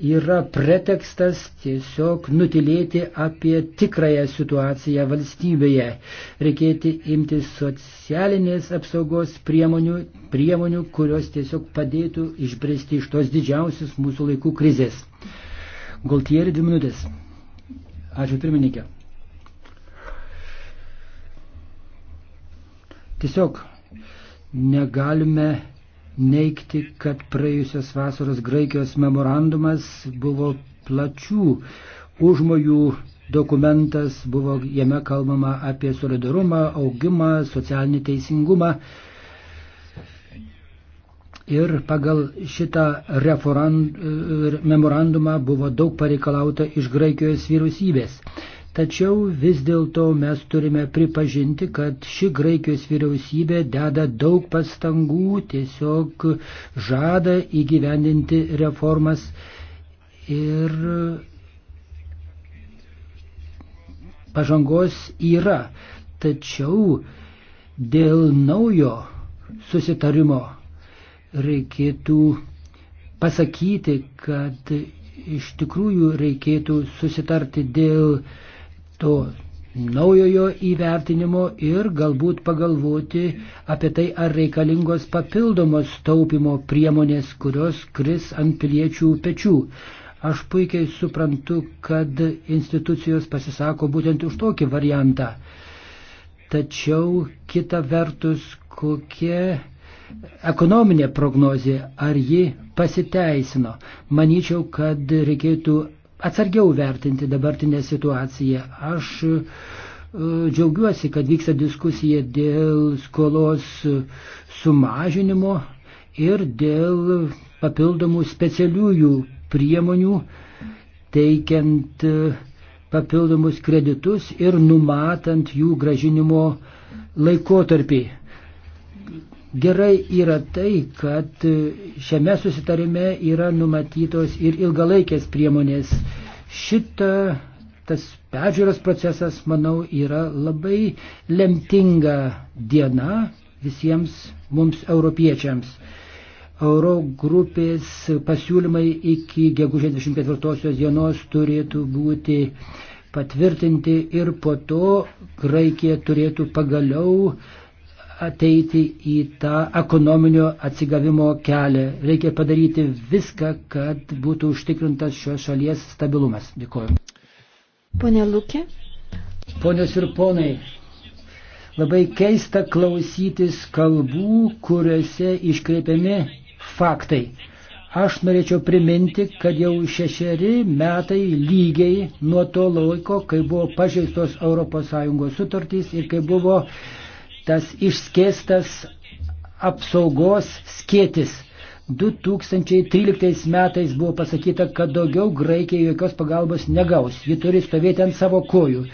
[SPEAKER 4] yra pretekstas tiesiog nutilėti apie tikrąją situaciją valstybėje. Reikėti imtis socialinės apsaugos priemonių, priemonių, kurios tiesiog padėtų išbristi iš tos didžiausios mūsų laikų krizės. Goltieri dvi minutės. Ačiū pirmininkė. Tiesiog negalime neikti, kad praėjusios vasaros Graikijos memorandumas buvo plačių užmojų dokumentas, buvo jame kalbama apie solidarumą, augimą, socialinį teisingumą. Ir pagal šitą referand, e, memorandumą buvo daug pareikalauta iš Graikijos vyriausybės. Tačiau vis dėlto mes turime pripažinti, kad ši Graikijos vyriausybė deda daug pastangų, tiesiog žada įgyvendinti reformas ir pažangos yra. Tačiau dėl naujo susitarimo reikėtų pasakyti, kad iš tikrųjų reikėtų susitarti dėl to naujojo įvertinimo ir galbūt pagalvoti apie tai, ar reikalingos papildomos taupimo priemonės, kurios kris ant piliečių pečių. Aš puikiai suprantu, kad institucijos pasisako būtent už tokį variantą. Tačiau kita vertus, kokia ekonominė prognozija, ar ji pasiteisino. Manyčiau, kad reikėtų atsargiau vertinti dabartinę situaciją. Aš e, džiaugiuosi, kad vyksta diskusija dėl skolos sumažinimo ir dėl papildomų specialiųjų priemonių, teikiant e, papildomus kreditus ir numatant jų gražinimo laikotarpį. Gerai yra tai, kad šiame susitarime yra numatytos ir ilgalaikės priemonės. Šita tas peržiūros procesas, manau, yra labai lemtinga diena visiems mums europiečiams. Euro grupės pasiūlymai iki gegužės 24 dienos turėtų būti patvirtinti ir po to Graikija turėtų pagaliau uh, ateiti į tą ekonominio atsigavimo kelią. Reikia padaryti viską, kad būtų užtikrintas šios šalies stabilumas. Dėkuoju. Pone Lukė. Ponios ir ponai, labai keista klausytis kalbų, kuriuose iškreipiami faktai. Aš norėčiau priminti, kad jau šešeri metai lygiai nuo to laiko, kai buvo pažeistos ES sutartys ir kai buvo uh, tas išskėstas apsaugos skėtis. 2013 metais buvo pasakyta, kad daugiau Graikija jokios pagalbos negaus. Ji turi stovėti ant savo kojų.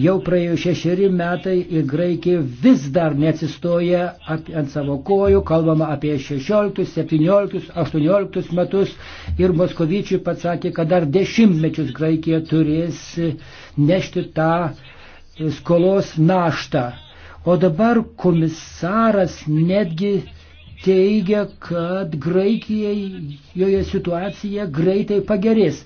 [SPEAKER 4] Jau praėjo šešeri metai ir Graikija vis dar neatsistoja ant savo kojų. Kalbama apie 16, 17, 18 metus. Ir Moskovičiui pats sakė, kad dar dešimtmečius Graikija turės nešti tą skolos naštą. O dabar komisaras netgi teigia, kad Graikijai joje situacija greitai pagerės.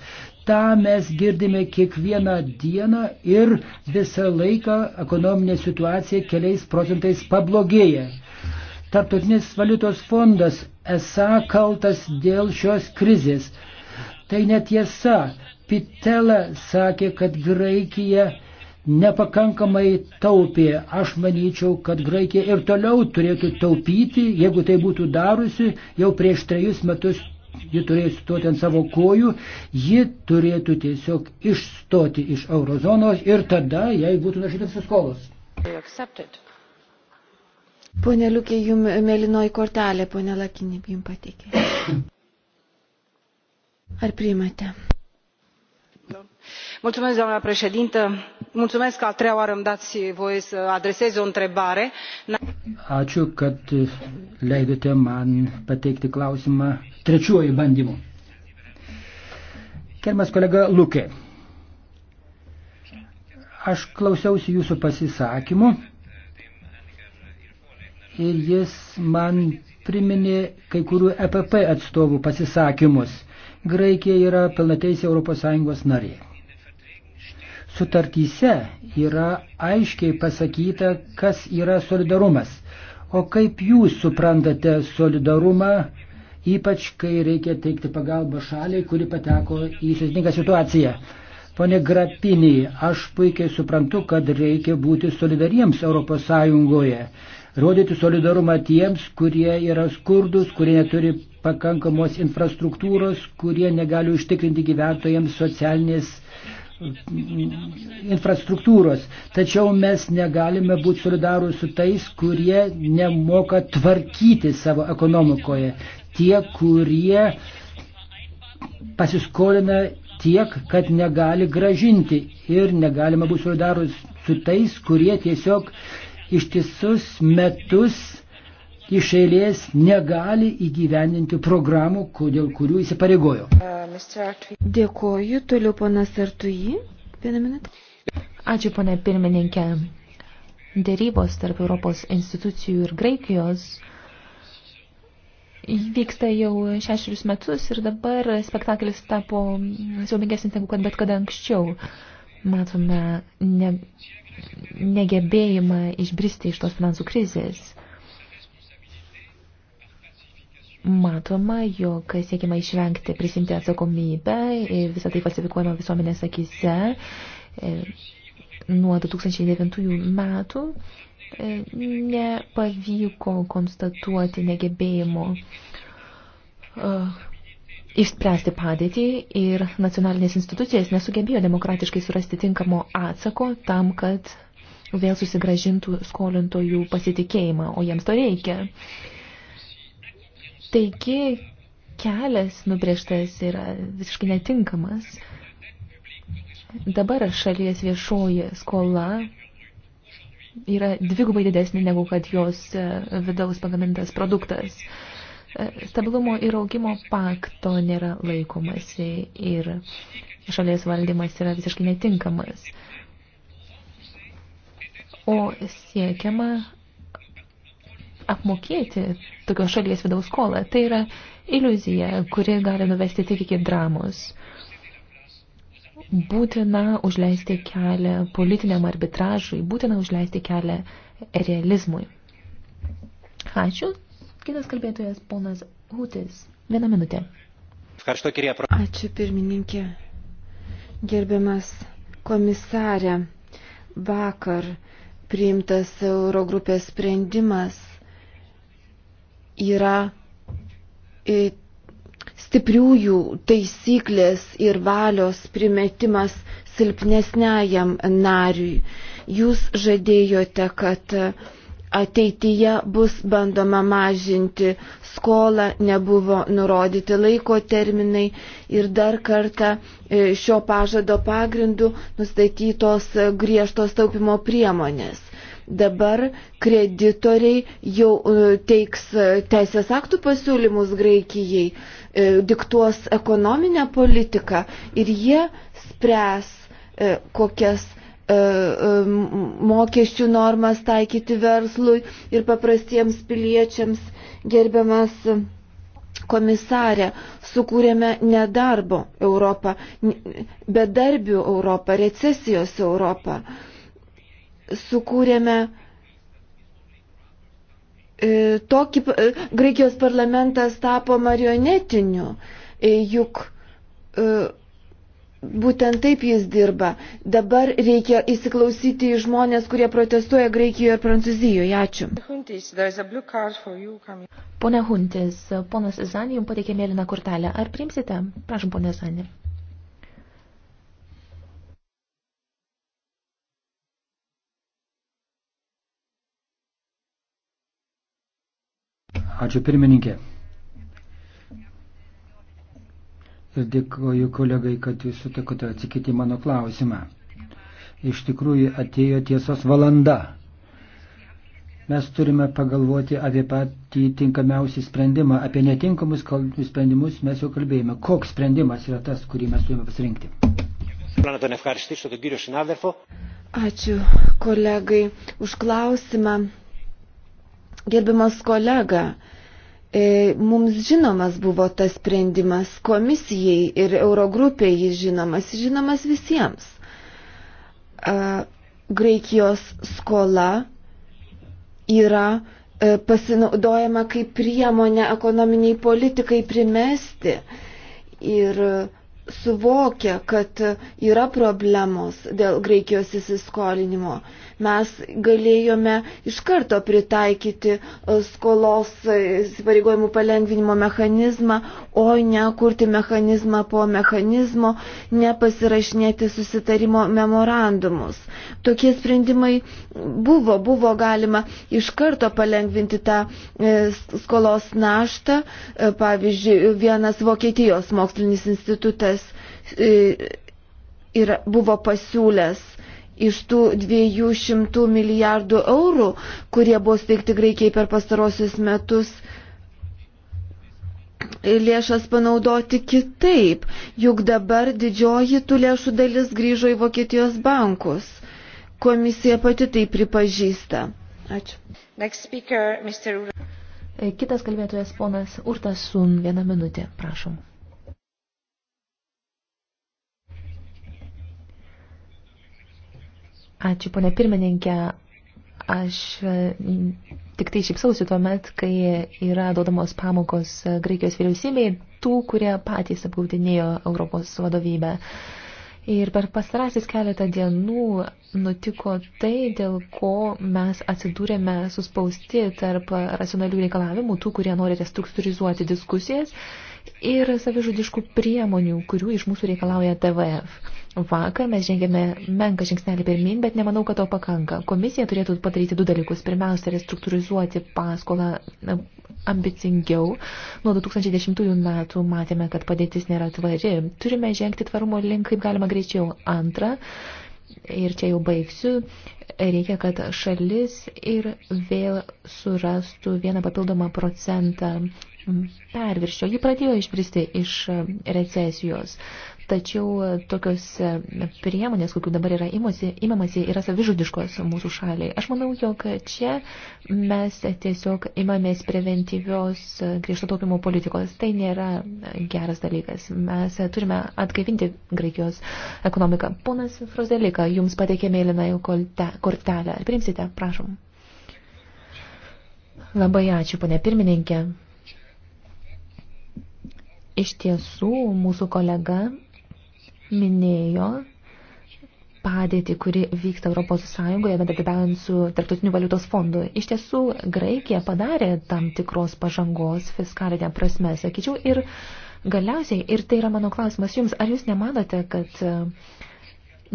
[SPEAKER 4] Ta mes girdime kiekvieną dieną ir visą laiką ekonominė situacija keliais procentais pablogėja. Tartutinis valiutos fondas esą kaltas dėl šios krizės. Tai netiesa. Pitela sakė, kad Graikija nepakankamai taupė. Aš manyčiau, kad Graikija ir toliau turėtų taupyti, jeigu tai būtų darusi, jau prieš trejus metus ji turėjo stoti ant savo kojų, ji turėtų tiesiog išstoti iš eurozonos ir tada jai būtų našytas skolos.
[SPEAKER 3] Pone Liukė, jums mėlynoji kortelė, pone Lakinė, jums patikė. Ar priimate?
[SPEAKER 1] doamnă președintă mulțumesc că a treia oară îmi dați voie să adresez o întrebare.
[SPEAKER 4] ačiū kad leidote man pateikti klausimą trečiuoju bandymu. Gerbiamas kolega Lukė, aš klausiausi jūsų pasisakymų ir jis man priminė kai kurių EPP atstovų pasisakymus. Graikija yra pilnateisė ES narė sutartyse yra aiškiai pasakyta, kas yra solidarumas. O kaip jūs suprantate solidarumą, ypač kai reikia teikti pagalbą šaliai, kuri pateko į sėkmingą situaciją? Pone Grapinį, aš puikiai suprantu, kad reikia būti solidariems ES, rodyti solidarumą tiems, kurie yra skurdus, kurie neturi pakankamos infrastruktūros, kurie negali užtikrinti gyventojams socialinės infrastruktūros. Tačiau mes negalime būti solidarūs su tais, kurie nemoka tvarkyti savo ekonomikoje. Tie, kurie pasiskolina tiek, kad negali gražinti. Ir negalima būti solidarūs su tais, kurie tiesiog ištisus metus iš eilės negali įgyvendinti programų, dėl kurių įsipareigojo.
[SPEAKER 2] Uh, Dėkoju, toliau ponas Artuji. Vieną minutę. Ačiū, ponė pirmininkė. Dėrybos tarp Europos institucijų ir Graikijos vyksta jau šešerius metus ir dabar spektaklis tapo siaubingesnis negu kad bet kada anksčiau. Matome ne, negebėjimą išbristi iš tos finansų krizės matoma, jog siekiama išvengti prisimti atsakomybę ir visą tai falsifikuojama visuomenės akise. E, nuo 2009 metų e, nepavyko konstatuoti negebėjimo e, išspręsti padėtį ir nacionalinės institucijas nesugebėjo demokratiškai surasti tinkamo atsako tam, kad vėl susigražintų skolintojų pasitikėjimą, o jiems to reikia. Uh, Taigi kelias nubrėžtas yra visiškai netinkamas. Dabar šalies viešoji skola yra dvigubai didesnė negu kad jos e, vidaus pagamintas produktas. E, stabilumo ir augimo pakto nėra laikomasi ir šalies valdymas yra visiškai netinkamas. O siekiama apmokėti tokios šalies vidaus skolą. Tai yra iliuzija, kuri gali nuvesti tik iki dramos. Būtina užleisti kelią politiniam arbitražui, būtina užleisti kelią realizmui. Ačiū. Kitas kalbėtojas, ponas Hutis. Vieną minutę.
[SPEAKER 4] Ačiū
[SPEAKER 2] pirmininkė.
[SPEAKER 3] Gerbiamas komisarė, vakar priimtas Eurogrupės sprendimas yra e, stipriųjų taisyklės ir valios primetimas silpnesniajam nariui. Jūs žadėjote, kad ateityje bus bandoma mažinti skolą, nebuvo nurodyti laiko terminai ir dar kartą e, šio pažado pagrindu nustatytos griežtos taupimo priemonės. Dabar kreditoriai jau e, teiks e, teisės aktų pasiūlymus Graikijai, e, diktuos ekonominę politiką ir jie spręs, kokias mokesčių normas taikyti verslui ir paprastiems piliečiams, gerbiamas komisarė, sukūrėme nedarbo Europą, bedarbių Europą, recesijos Europą sukūrėme e, tokį, e, Graikijos parlamentas tapo marionetiniu, e, juk būtent taip jis dirba. Dabar reikia įsiklausyti į žmonės, kurie protestuoja
[SPEAKER 2] Graikijoje ir Prancūzijoje. Ačiū. Pone Huntis, ponas Zanį jums pateikė mėlyną kortelę. Ar priimsite? Prašom, ponė Zanį.
[SPEAKER 4] Ačiū pirmininkė. Ir dėkoju kolegai, kad jūs sutikote atsakyti mano klausimą. Iš tikrųjų atėjo tiesos valanda. Mes turime pagalvoti apie patį tinkamiausią sprendimą. Apie netinkamus sprendimus mes jau kalbėjome. Koks sprendimas yra tas, kurį mes turime pasirinkti?
[SPEAKER 3] Ačiū kolegai už klausimą. Gerbimas kolega, e, mums žinomas buvo tas sprendimas komisijai ir Eurogrupiai jis žinomas, žinomas visiems. E, Graikijos skola yra e, pasinaudojama kaip priemonė ekonominiai politikai primesti. Ir suvokia, kad yra problemos dėl Graikijos įsiskolinimo. Mes galėjome iš karto pritaikyti e, skolos įsipareigojimų palengvinimo mechanizmą, o ne kurti mechanizmą po mechanizmo, nepasirašinėti susitarimo memorandumus. Tokie sprendimai buvo, buvo galima iš karto palengvinti tą e, skolos naštą. E, pavyzdžiui, vienas Vokietijos mokslinis institutas parlamentas ir e, buvo pasiūlęs iš tų 200 milijardų eurų, kurie buvo steigti Graikijai per pastarosius metus, lėšas panaudoti kitaip, juk dabar didžioji tų lėšų dalis grįžo į Vokietijos bankus. Komisija pati tai pripažįsta. Ačiū. Next speaker, Mr.
[SPEAKER 2] Kitas kalbėtojas ponas Urtas Sun, vieną minutę, prašom. Ačiū, ponė pirmininkė. Aš mm, tik tai šipsausiu tuo met, kai yra duodamos pamokos Graikijos vyriausybei, tų, kurie patys apgaudinėjo Europos vadovybę. Ir per pastarasis keletą dienų nutiko tai, dėl ko mes atsidūrėme suspausti tarp racionalių reikalavimų, tų, kurie nori restruktūrizuoti diskusijas, ir savižudiškų priemonių, kurių iš mūsų reikalauja TVF. Vakar mes žengėme menką žingsnelį pirmin, bet nemanau, kad to pakanka. Komisija turėtų padaryti du dalykus. Pirmiausia, restruktūrizuoti paskolą ambicingiau. Nuo 2010 metų matėme, kad padėtis nėra tvari. Turime žengti tvarumo link kaip galima greičiau. Antra, ir čia jau baigsiu, reikia, kad šalis ir vėl surastų vieną papildomą procentą perviršio. Ji pradėjo išbristi iš recesijos. Tačiau e, tokios e, priemonės, kokių dabar yra imasi, imamasi, yra savižudiškos mūsų šaliai. Aš manau, jog čia mes tiesiog imamės preventyvios e, griežto taupimo politikos. Tai nėra geras dalykas. Mes turime atgaivinti Graikijos ekonomiką. Ponas Frozelika, jums pateikė mėlyną kortelę. Primsite, prašom. Labai ačiū, ponė pirmininkė. Iš tiesų, mūsų kolega minėjo padėtį, kuri vyksta Europos Sąjungoje, bendradarbiaujant su Tarptautiniu valiutos fondu. Iš tiesų, Graikija padarė tam tikros pažangos fiskalinė prasme, sakyčiau, ir galiausiai, ir tai yra mano klausimas jums, ar jūs nemanote, kad e,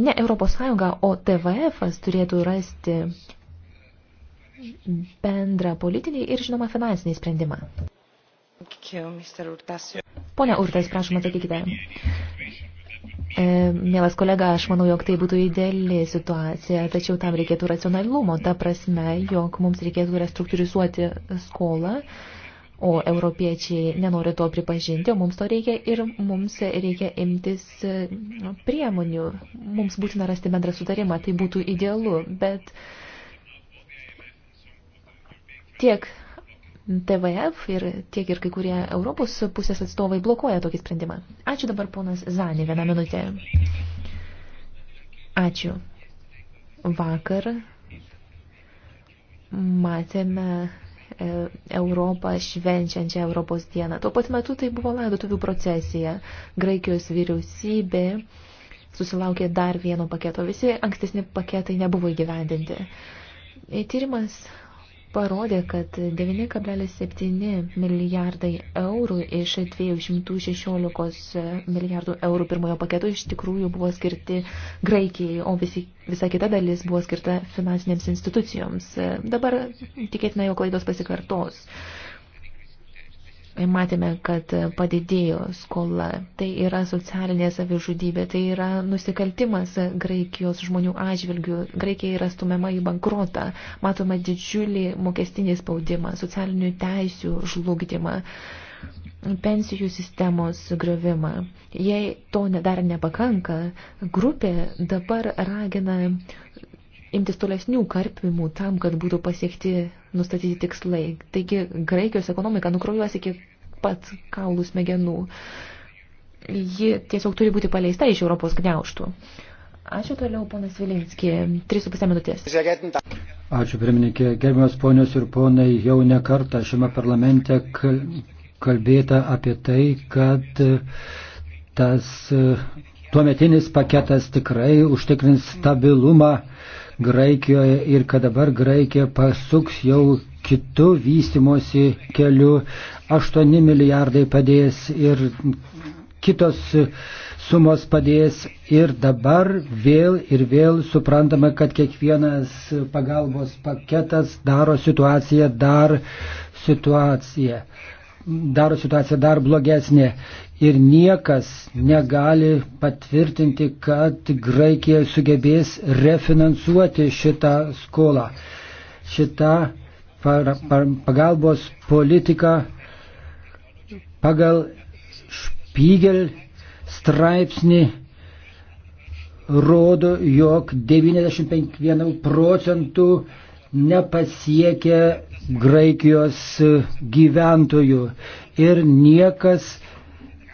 [SPEAKER 2] ne Europos Sąjunga, o TVF turėtų rasti bendrą politinį ir, žinoma, finansinį sprendimą? Pone Urtas, prašom, atsakykite. E, mielas kolega, aš manau, jog tai būtų ideali situacija, tačiau tam reikėtų racionalumo, ta prasme, jog mums reikėtų restruktūrizuoti skolą, o europiečiai nenori to pripažinti, o mums to reikia ir mums reikia imtis e, priemonių. Mums būtina rasti bendrą sutarimą, tai būtų idealu, bet tiek TVF ir tiek ir kai kurie Europos pusės atstovai blokuoja tokį sprendimą. Ačiū dabar ponas Zanė, vieną minutę. Ačiū. Vakar matėme e, Europą švenčiančią Europos dieną. Tuo pat metu tai buvo laidotuvių procesija. Graikijos vyriausybė susilaukė dar vieno paketo. Visi ankstesni paketai nebuvo įgyvendinti. Tyrimas parodė, kad 9,7 milijardai eurų iš 216 milijardų eurų pirmojo paketo iš tikrųjų buvo skirti Graikijai, o visi, visa kita dalis buvo skirta finansinėms institucijoms. Dabar tikėtina, jo klaidos pasikartos matėme, kad padidėjo skola. Tai yra socialinė savižudybė, tai yra nusikaltimas Graikijos žmonių atžvilgių. Graikija yra stumiama į bankrotą, matoma didžiulį mokestinį spaudimą, socialinių teisių žlugdymą pensijų sistemos griovimą. Jei to dar nepakanka, grupė dabar ragina imtis tolesnių karpimų tam, kad būtų pasiekti nustatyti tikslai. Taigi Graikijos ekonomika nukrojuos iki pat kaulų smegenų. Ji tiesiog turi būti paleista iš Europos gniauštų. Ačiū toliau, ponas Vilinski, 3,5 minutės.
[SPEAKER 4] Ačiū, pirmininkė. Gerbiamas ponios ir ponai, jau ne kartą šiame parlamente kalbėta apie tai, kad tas tuometinis paketas tikrai užtikrins stabilumą Graikijoje ir kad dabar Graikija pasuks jau kitų vystimosi kelių. 8 milijardai padės ir kitos sumos padės. Ir dabar vėl ir vėl suprantame, kad kiekvienas pagalbos paketas daro situaciją dar situaciją daro situaciją dar blogesnė ir niekas negali patvirtinti, kad Graikija sugebės refinansuoti šitą skolą. Šita pagalbos politiką pagal Špygel straipsnį rodo, jog 95 procentų nepasiekia Graikijos gyventojų ir niekas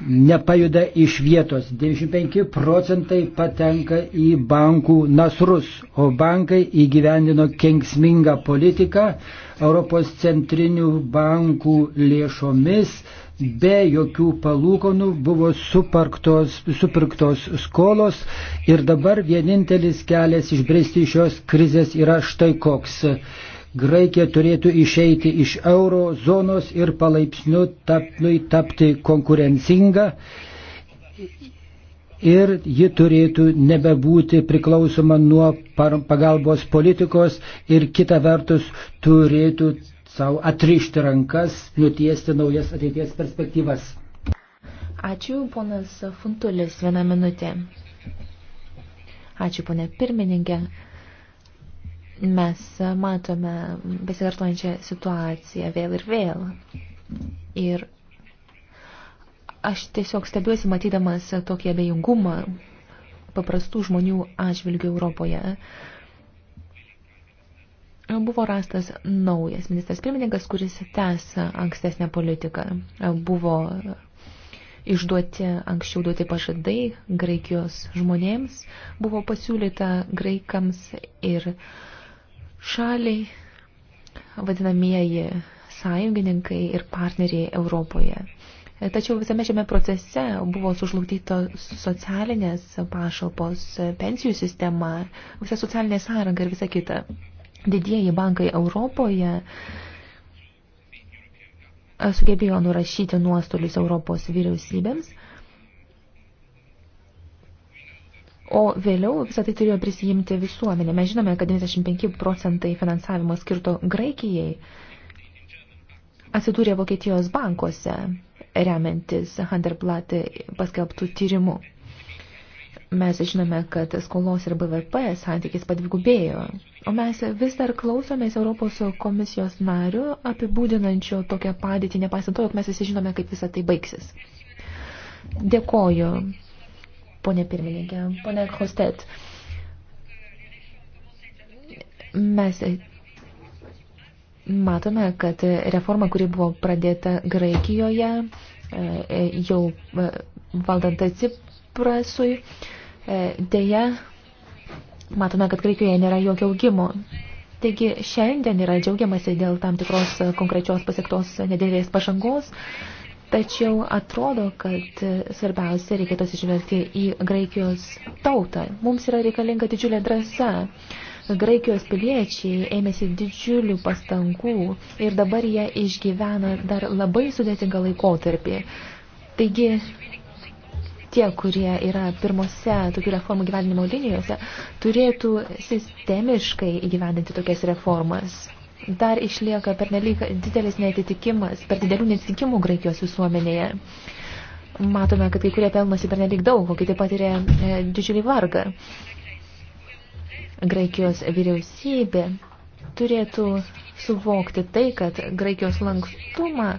[SPEAKER 4] nepajuda iš vietos. 95 procentai patenka į bankų nasrus, o bankai įgyvendino kenksmingą politiką Europos centrinių bankų lėšomis. Be jokių palūkonų buvo suparktos, supirktos skolos ir dabar vienintelis kelias išbristi iš šios krizės yra štai koks Graikija turėtų išeiti iš euro zonos ir palaipsniui tapnui, tapti konkurencinga ir ji turėtų nebebūti priklausoma nuo pagalbos politikos ir kita vertus turėtų savo atrišti rankas, nutiesti naujas ateities perspektyvas.
[SPEAKER 2] Ačiū, ponas Funtulis, vieną minutę. Ačiū, ponė pirmininkė. Mes matome besikartojančią situaciją vėl ir vėl. Ir aš tiesiog stebiuosi matydamas tokį abejingumą paprastų žmonių atžvilgių Europoje. Buvo rastas naujas ministras pirmininkas, kuris tęs ankstesnę politiką. Buvo išduoti anksčiau duoti pažadai Graikijos žmonėms, buvo pasiūlyta Graikams ir uh, šaliai, vadinamieji sąjungininkai ir partneriai Europoje. Tačiau visame šiame procese buvo sužlugdytos socialinės pašalpos, pensijų sistema, visa socialinė sąranga ir visa kita. Didieji bankai Europoje sugebėjo nurašyti nuostolius Europos vyriausybėms O vėliau visą tai turėjo prisijimti visuomenė. Mes žinome, kad 95 procentai finansavimo skirto Graikijai atsidūrė Vokietijos bankuose, remiantis Handerblatt paskelbtų tyrimų. Mes žinome, kad skolos ir BVP santykis padvigubėjo, o mes vis dar klausomės Europos komisijos nario apibūdinančio tokią padėtį, nepaisant to, jog mes visi žinome, kaip visą tai baigsis. Dėkoju ponė pirmininkė, ponė Hostet. Mes matome, kad reforma, kuri buvo pradėta Graikijoje, e, jau e, valdant atsiprasui, e, dėja, matome, kad Graikijoje nėra jokio augimo. Taigi šiandien yra džiaugiamasi dėl tam tikros konkrečios pasiektos nedėlės pažangos, Tačiau atrodo, kad e, svarbiausia reikėtų atsižvelgti į Graikijos tautą. Mums yra reikalinga didžiulė drąsa. Graikijos piliečiai ėmėsi didžiulių pastangų ir dabar jie išgyvena dar labai sudėtingą laikotarpį. Taigi tie, kurie yra pirmose tokių reformų gyvenimo linijose, turėtų sistemiškai įgyvendinti tokias reformas dar išlieka pernelyg didelis neatitikimas, per didelių neatitikimų Graikijos visuomenėje. Matome, kad kai kurie pelnosi pernelyg daug, o kiti patiria e, didžiulį vargą. Graikijos vyriausybė turėtų suvokti tai, kad Graikijos lankstumą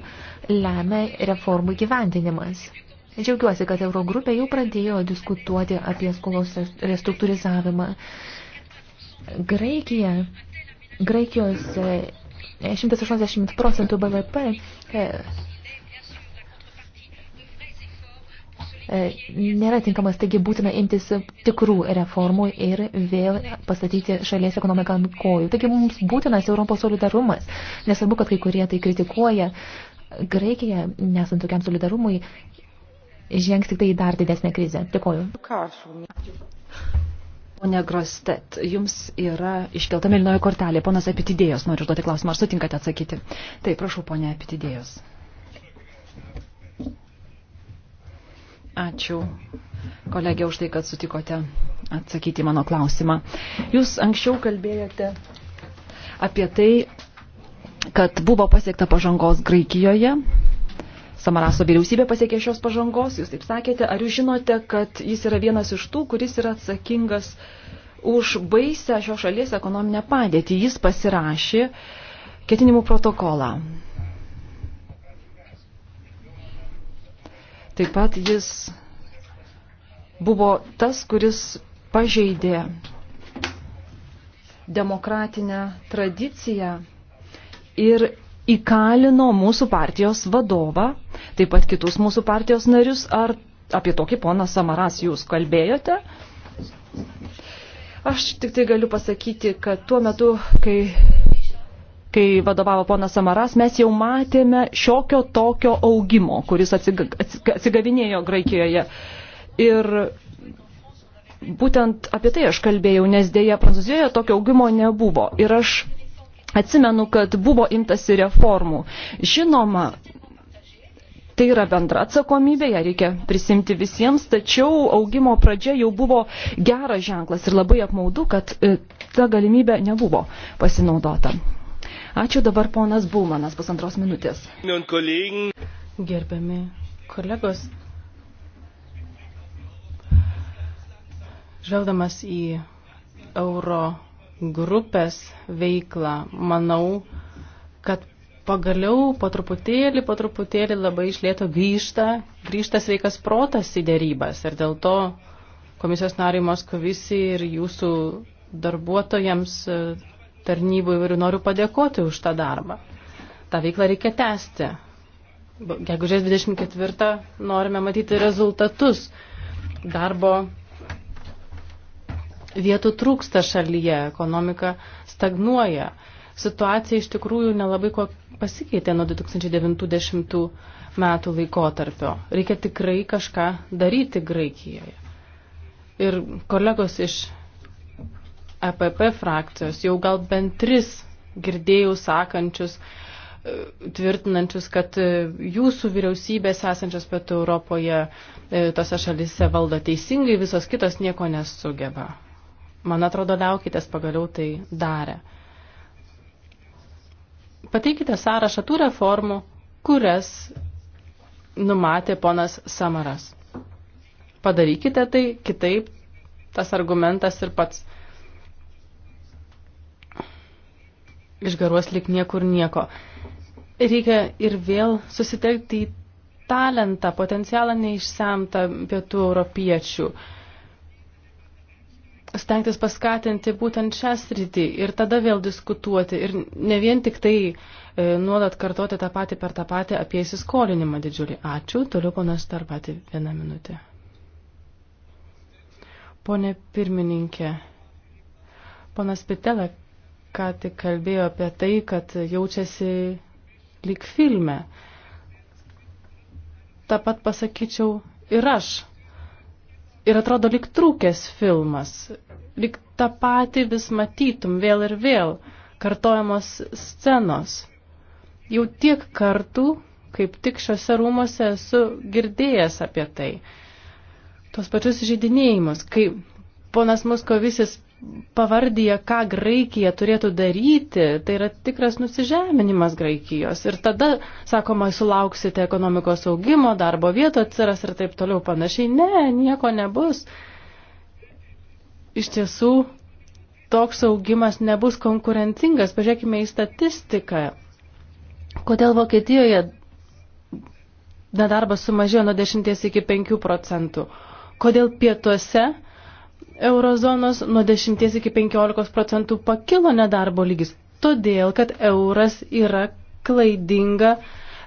[SPEAKER 2] lemia reformų gyvendinimas. Džiaugiuosi, kad Eurogrupė jau pradėjo diskutuoti apie skolos restruktūrizavimą. Graikija Graikijos 180 e, procentų BVP e, e, nėra tinkamas, taigi būtina imtis tikrų reformų ir vėl pastatyti šalies ekonomiką ant kojų. Taigi mums būtinas Europos solidarumas. Nesvarbu, kad kai kurie tai kritikuoja. Graikija, nesant tokiam solidarumui, žengs tik tai į dar didesnę krizę. Dėkoju. Pone Grostet, jums yra iškelta mėlynoji kortelė. Ponas Epitidėjos,
[SPEAKER 5] noriu užduoti klausimą, ar sutinkate atsakyti? Taip, prašau, ponė Epitidėjos. Ačiū, kolegė, už tai, kad sutikote atsakyti mano klausimą. Jūs anksčiau kalbėjote apie tai, kad buvo pasiekta pažangos Graikijoje Samaraso vyriausybė pasiekė šios pažangos, jūs taip sakėte, ar jūs žinote, kad jis yra vienas iš tų, kuris yra atsakingas už baisę šios šalies ekonominę padėtį. Jis pasirašė ketinimų protokolą. Taip pat jis buvo tas, kuris pažeidė demokratinę tradiciją ir įkalino mūsų partijos vadovą, taip pat kitus mūsų partijos narius, ar apie tokį poną Samaras jūs kalbėjote? Aš tik tai galiu pasakyti, kad tuo metu, kai, kai vadovavo ponas Samaras, mes jau matėme šiokio tokio augimo, kuris atsiga, atsigavinėjo Graikijoje. Ir būtent apie tai aš kalbėjau, nes dėja Prancūzijoje tokio augimo nebuvo. Ir aš Atsimenu, kad buvo imtasi reformų. Žinoma, tai yra bendra atsakomybė, ją reikia prisimti visiems, tačiau augimo pradžia jau buvo geras ženklas ir labai apmaudu, kad e, ta galimybė nebuvo pasinaudota. Ačiū dabar ponas Bulmanas, pusantros minutės. Gerbiami
[SPEAKER 6] kolegos, žvelgdamas į euro grupės veiklą, manau, kad pagaliau po truputėlį, po truputėlį labai išlėto grįžta, grįžta sveikas protas į dėrybas. Ir dėl to komisijos nariai Moskovisi ir jūsų darbuotojams e, tarnybų įvairių noriu padėkoti už tą darbą. Ta veikla reikia tęsti. Gegužės 24 norime matyti rezultatus darbo Vietų trūksta šalyje, ekonomika stagnuoja. Situacija iš tikrųjų nelabai ko pasikeitė nuo 2090 metų laikotarpio. Reikia tikrai kažką daryti Graikijoje. Ir kolegos iš EPP frakcijos jau gal bent tris girdėjau sakančius, e, tvirtinančius, kad e, jūsų vyriausybės esančios pietų Europoje e, tose šalise valdo teisingai, visos kitos nieko nesugeba. Man atrodo, liaukitės pagaliau tai darę. Pateikite sąrašą tų reformų, kurias numatė ponas Samaras. Padarykite tai kitaip, tas argumentas ir pats išgaruos lik niekur nieko. Reikia ir vėl susitelkti į talentą, potencialą neišsemtą pietų europiečių. Uh, stengtis paskatinti būtent šią sritį ir tada vėl diskutuoti ir ne vien tik tai e, nuolat kartoti tą patį per tą patį apie įsiskolinimą didžiulį. Ačiū. Toliau ponas Tarpatį vieną minutę. Pone pirmininkė, ponas Pitelė ką tik kalbėjo apie tai, kad jaučiasi lyg filme. Ta pat pasakyčiau ir aš ir atrodo lyg trūkęs filmas, lyg tą patį vis matytum vėl ir vėl, kartojamos scenos. Jau tiek kartų, kaip tik šiuose rūmose esu girdėjęs apie tai, tuos pačius žydinėjimus, kai ponas Muskovisis pavardyje, ką Graikija turėtų daryti, tai yra tikras nusižeminimas Graikijos. Ir tada, sakoma, sulauksite ekonomikos augimo, darbo vietų atsiras ir taip toliau panašiai. Ne, nieko nebus. Iš tiesų, toks augimas nebus konkurencingas. Pažiūrėkime į statistiką.
[SPEAKER 2] Kodėl Vokietijoje
[SPEAKER 6] nedarbas sumažėjo nuo 10 iki 5 procentų? Kodėl pietuose eurozonos nuo 10 iki 15 procentų pakilo nedarbo lygis. Todėl, kad euras yra klaidinga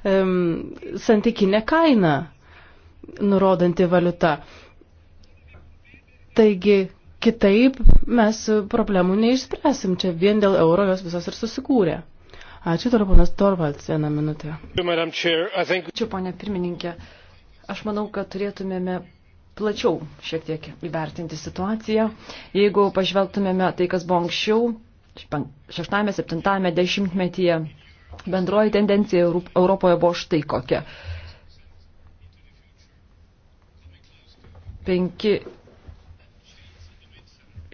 [SPEAKER 6] um, santykinė kaina nurodanti valiuta. Taigi, kitaip mes problemų neišspręsim. Čia vien dėl euro jos visos ir susikūrė. Ačiū, toliau ponas Torvalds, vieną minutę.
[SPEAKER 5] Ačiū, ponė pirmininkė. Aš manau, kad turėtumėme plačiau šiek tiek įvertinti situaciją. Jeigu pažvelgtumėme tai, kas buvo anksčiau, šeštame, septintame dešimtmetyje, bendroji tendencija Europoje buvo štai kokia. Penki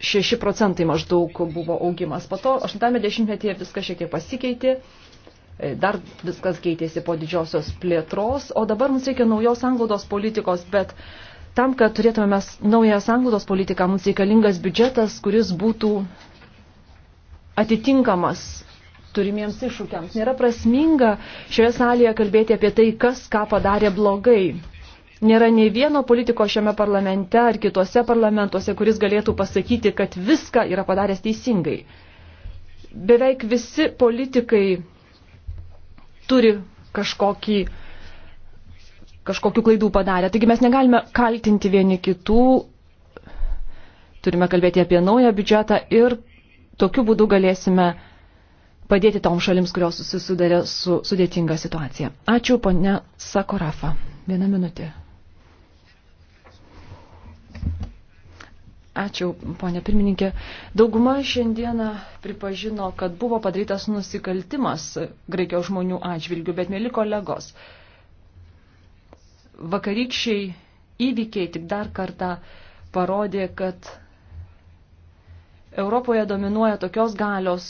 [SPEAKER 5] 6 procentai maždaug buvo augimas. Po to 80-metyje viskas šiek tiek pasikeitė, e, dar viskas keitėsi po didžiosios plėtros, o dabar mums reikia naujos anglodos politikos, bet Tam, kad turėtume mes naują sanglaudos politiką, mums reikalingas biudžetas, kuris būtų atitinkamas turimiems iššūkiams. Nėra prasminga šioje salėje kalbėti apie tai, kas ką padarė blogai. Nėra nei vieno politiko šiame parlamente ar kitose parlamentuose, kuris galėtų pasakyti, kad viską yra padaręs teisingai. Beveik visi politikai turi kažkokį uh, kažkokių klaidų padarė. Taigi mes negalime kaltinti vieni kitų, turime kalbėti apie naują biudžetą ir tokiu būdu galėsime padėti tom šalims, kurios susidarė su sudėtinga situacija. Ačiū, ponia Sakorafa. Viena minutė. Ačiū, ponė pirmininkė. Dauguma šiandieną pripažino, kad buvo padarytas nusikaltimas greikio žmonių atžvilgių, bet mėly kolegos, vakarykščiai įvykiai tik dar kartą parodė, kad Europoje dominuoja tokios galios,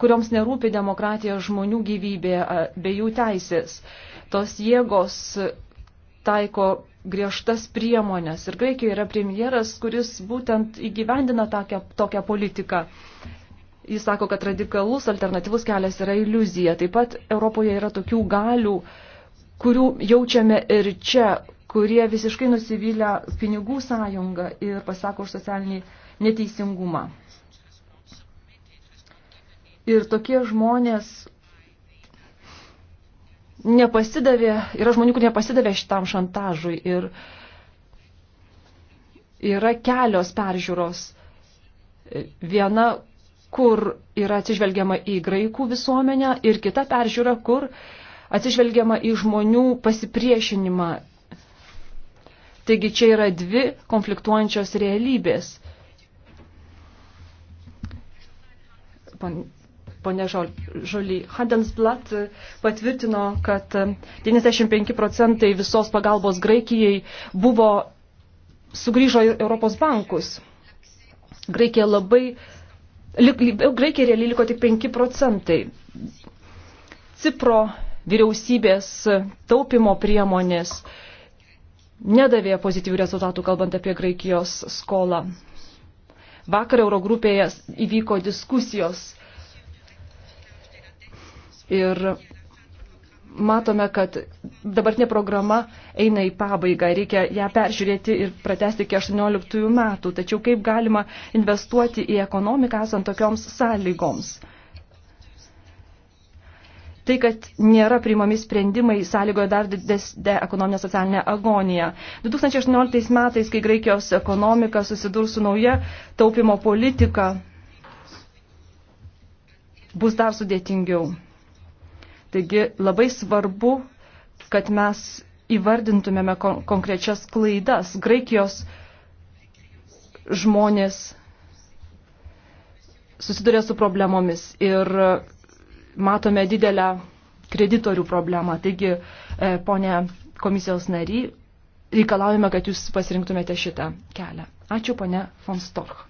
[SPEAKER 5] kurioms nerūpi demokratija žmonių gyvybė bei jų teisės. Tos jėgos taiko griežtas priemonės. Ir Graikijoje yra premjeras, kuris būtent įgyvendina tokią, tokią politiką. Jis sako, kad radikalus alternatyvus kelias yra iliuzija. Taip pat Europoje yra tokių galių, uh, kurių jaučiame ir čia, kurie visiškai nusivylę pinigų sąjungą ir pasako už socialinį neteisingumą. Ir tokie žmonės nepasidavė, yra žmonių, kurie nepasidavė šitam šantažui ir yra kelios peržiūros. Viena, kur yra atsižvelgiama į graikų visuomenę ir kita peržiūra, kur atsižvelgiama į žmonių pasipriešinimą. Taigi čia yra dvi konfliktuojančios realybės. Pone Žoly, Handelsblatt patvirtino, kad 95 procentai visos pagalbos Graikijai buvo sugrįžo į Europos bankus. Graikija labai, Graikija realiai liko tik 5 procentai. Cipro vyriausybės taupimo priemonės nedavė pozityvių rezultatų, kalbant apie Graikijos skolą. Vakar Eurogrupėje įvyko diskusijos ir matome, kad dabartinė programa eina į pabaigą, reikia ją peržiūrėti ir pratesti iki 18 metų. Tačiau kaip galima investuoti į ekonomiką esant tokioms sąlygoms? Tai, kad nėra priimami sprendimai, sąlygoja dar didesnę ekonominę socialinę agoniją. 2018 metais, kai Graikijos ekonomika susidurs su nauja taupimo politika, bus dar sudėtingiau. Taigi labai svarbu, kad mes įvardintumėme kon konkrečias klaidas. Graikijos žmonės susiduria su problemomis ir matome didelę kreditorių problemą. Taigi, e, ponė komisijos nary, reikalaujame, kad jūs pasirinktumėte šitą kelią. Ačiū, ponė von Storch.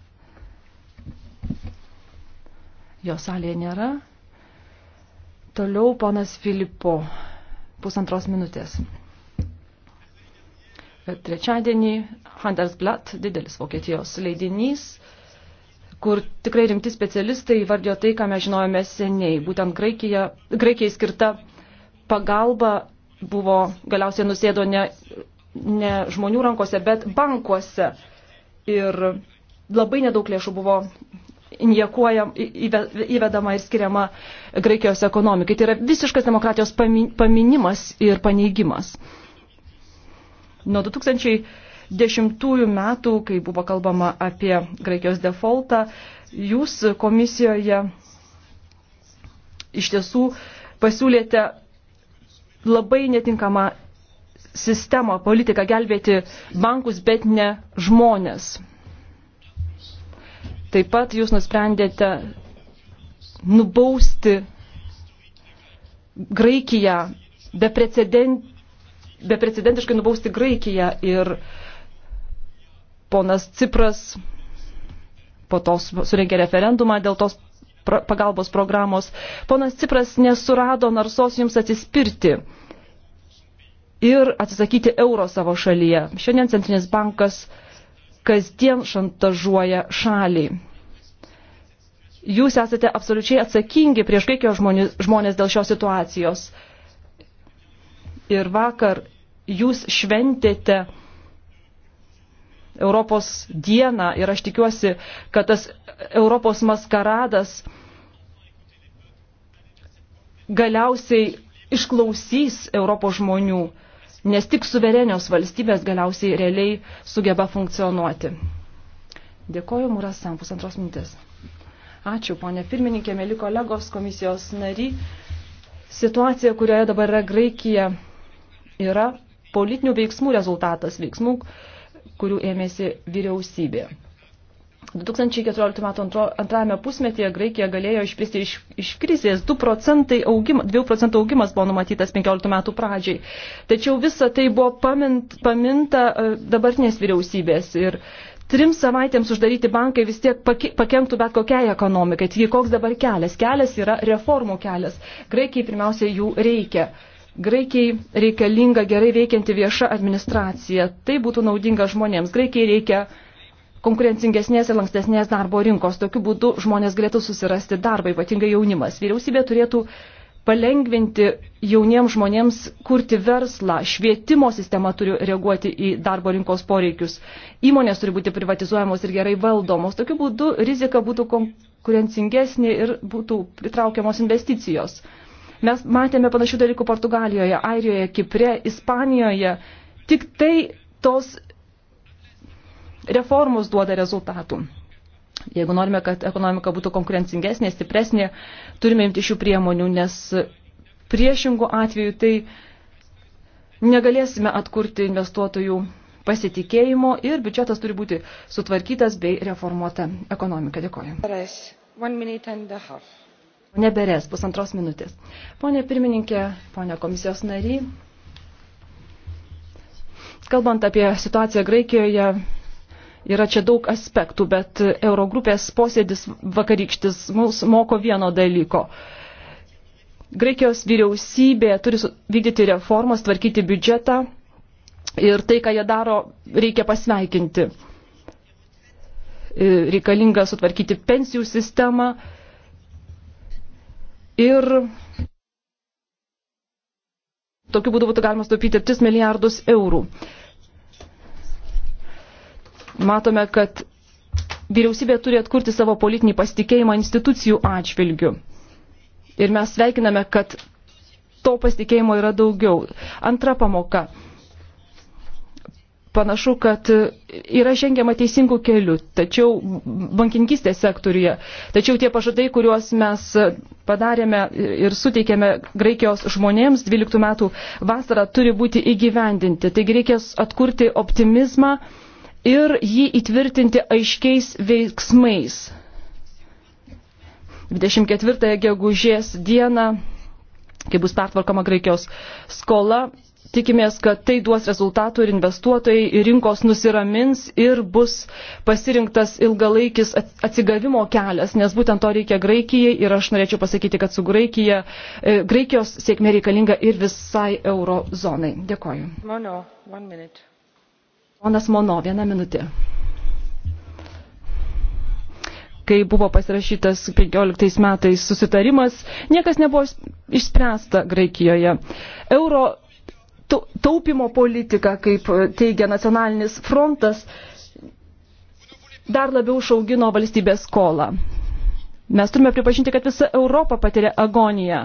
[SPEAKER 5] Jo salėje nėra. Toliau ponas Filipo, pusantros minutės. Trečiadienį Handelsblatt, didelis Vokietijos leidinys, kur tikrai rimti specialistai įvardėjo tai, ką mes žinojome seniai. Būtent Graikija, Graikijai skirta pagalba buvo galiausiai nusėdo ne, ne žmonių rankose, bet bankuose. Ir labai nedaug lėšų buvo injekuojam, įvedama ir skiriama Graikijos ekonomikai. Tai yra visiškas demokratijos paminimas ir paneigimas. Nuo 2000 dešimtųjų metų, kai buvo kalbama apie Graikijos defaultą, jūs komisijoje iš tiesų pasiūlėte labai netinkamą sistemą, politiką gelbėti bankus, bet ne žmonės. Taip pat jūs nusprendėte nubausti Graikiją, beprecedentiškai nubausti Graikiją ir uh, ponas Cipras po to surinkė referendumą dėl tos pagalbos programos. Ponas Cipras nesurado narsos jums atsispirti ir atsisakyti euro savo šalyje. Šiandien Centrinis bankas kasdien šantažuoja šalį. Jūs esate absoliučiai atsakingi prieš Graikijos žmonės, žmonės dėl šios situacijos. Ir vakar jūs šventėte Europos dieną ir aš tikiuosi, kad tas Europos maskaradas galiausiai išklausys Europos žmonių, nes tik suverenios valstybės galiausiai realiai sugeba funkcionuoti. Dėkoju, Muras Sam, pusantros mintis. Ačiū, ponė pirmininkė, mėly kolegos, komisijos nary. Situacija, kurioje dabar yra Graikija, yra politinių veiksmų rezultatas, veiksmų, kurių ėmėsi vyriausybė. 2014 metų antro, antrame pusmetyje Graikija galėjo išplisti iš, iš krizės. 2 procentai augima, 2 procentų augimas buvo numatytas 15 metų pradžiai. Tačiau visa tai buvo pamint, paminta e, dabartinės vyriausybės ir trims savaitėms uždaryti bankai vis tiek pakenktų bet kokiai ekonomikai. Taigi koks dabar kelias? Kelias yra reformų kelias. Graikijai pirmiausia jų reikia. Graikiai reikalinga gerai veikianti vieša administracija. Tai būtų naudinga žmonėms. Graikiai reikia konkurencingesnės ir lankstesnės darbo rinkos. Tokiu būdu žmonės galėtų susirasti darbą, ypatingai jaunimas. Vyriausybė turėtų palengvinti jauniems žmonėms kurti verslą. Švietimo sistema turi reaguoti į darbo rinkos poreikius. Įmonės turi būti privatizuojamos ir gerai valdomos. Tokiu būdu rizika būtų konkurencingesnė ir būtų pritraukiamos investicijos. Mes matėme panašių dalykų Portugalijoje, Airijoje, Kipre, Ispanijoje. Tik tai tos reformos duoda rezultatų. Jeigu norime, kad ekonomika būtų konkurencingesnė, stipresnė, turime imti šių priemonių, nes priešingų atveju tai negalėsime atkurti investuotojų pasitikėjimo ir biudžetas turi būti sutvarkytas bei reformuota ekonomika. Dėkoju. Neberės pusantros minutės. Pone pirmininkė, pone komisijos nary, kalbant apie situaciją Graikijoje, yra čia daug aspektų, bet Eurogrupės posėdis vakarykštis mus moko vieno dalyko. Graikijos vyriausybė turi vykdyti reformas, tvarkyti biudžetą ir tai, ką jie daro, reikia pasveikinti. E, reikalinga sutvarkyti pensijų sistemą Ir tokiu būdu būtų galima sutaupyti 3 milijardus eurų. Matome, kad vyriausybė turi atkurti savo politinį pasitikėjimą institucijų atžvilgių. Ir mes sveikiname, kad to pasitikėjimo yra daugiau. Antra pamoka panašu, kad yra žengiama teisingų kelių, tačiau bankininkistės sektoriuje, tačiau tie pažadai, kuriuos mes padarėme ir suteikėme Graikijos žmonėms 12 metų vasarą, turi būti įgyvendinti. Taigi reikės atkurti optimizmą ir jį įtvirtinti aiškiais veiksmais. 24 gegužės dieną, kai bus pertvarkoma Graikijos skola, Tikimės, kad tai duos rezultatų ir investuotojai, ir rinkos nusiramins ir bus pasirinktas ilgalaikis atsigavimo kelias, nes būtent to reikia Graikijai ir aš norėčiau pasakyti, kad su Graikija, e, Graikijos sėkmė reikalinga ir visai eurozonai. Dėkoju. Mono, Ponas Mono, vieną minutę kai buvo pasirašytas 15 metais susitarimas, niekas nebuvo išspręsta Graikijoje. Euro taupimo politika, kaip e, teigia nacionalinis frontas, dar labiau išaugino valstybės skolą. Mes turime pripažinti, kad visa Europa patiria agoniją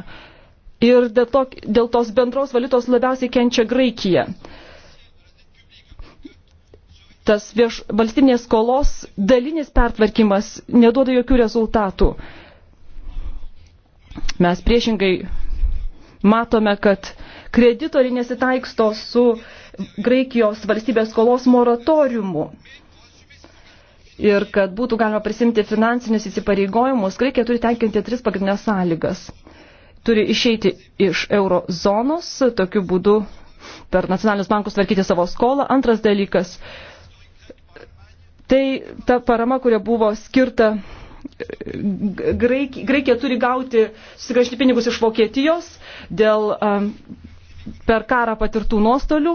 [SPEAKER 5] ir dėl, to, dėl tos bendros valiutos labiausiai kenčia Graikija. Tas vieš, valstybinės skolos dalinis pertvarkymas neduoda jokių rezultatų. Mes priešingai matome, kad kreditoriai nesitaiksto su Graikijos valstybės skolos moratoriumu. Ir kad būtų galima prisimti finansinius įsipareigojimus, Graikija turi tenkinti tris pagrindinės sąlygas. Turi išeiti iš euro zonos, tokiu būdu per nacionalinius bankus tvarkyti savo skolą. Antras dalykas, tai ta parama, kuria buvo skirta Graikija, Graikija turi gauti, susigražinti pinigus iš Vokietijos dėl um, per karą patirtų nuostolių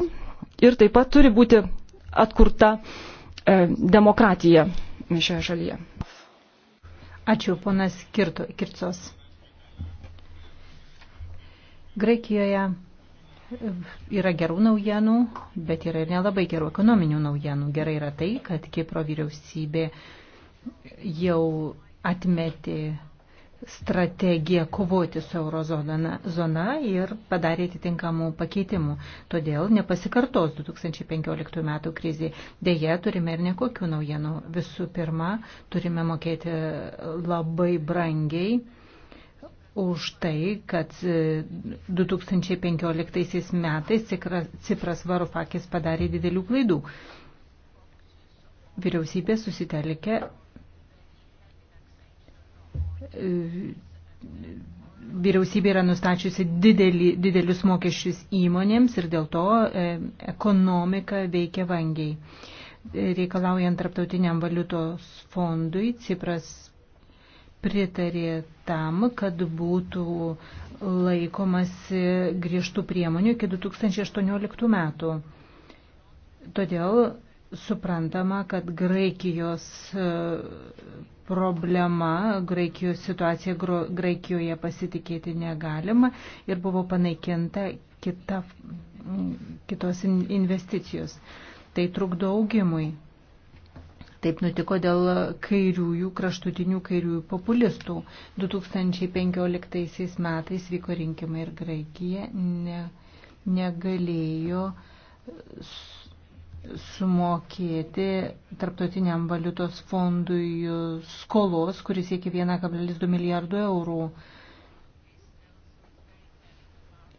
[SPEAKER 5] ir taip pat turi būti atkurta e, demokratija šioje šalyje.
[SPEAKER 1] Ačiū, ponas Kirto, Kircos. Graikijoje e, yra gerų naujienų, bet yra ir nelabai gerų ekonominių naujienų. Gerai yra tai, kad Kipro vyriausybė jau atmetė strategiją kovoti su eurozona ir padarė atitinkamų pakeitimų. Todėl nepasikartos 2015 metų krizė. Deja, turime ir nekokių naujienų. Visų pirma, turime mokėti labai brangiai už tai, kad 2015 e, metais Cipras Varufakis padarė didelių klaidų. Vyriausybė susitelkė E, vyriausybė yra nustačiusi didelį, didelius mokesčius įmonėms ir dėl to e, ekonomika veikia vangiai. E, reikalaujant tarptautiniam valiutos fondui, Cipras pritarė tam, kad būtų laikomasi griežtų priemonių iki 2018 metų. Todėl suprantama, kad Graikijos problema, Graikijos situacija Graikijoje pasitikėti negalima ir buvo panaikinta kita, kitos investicijos. Tai trukdo augimui. Taip nutiko dėl kairiųjų, kraštutinių kairiųjų populistų. 2015 metais vyko rinkimai ir Graikija ne, negalėjo sumokėti tarptautiniam valiutos fondui skolos, kuris siekia 1,2 milijardų eurų.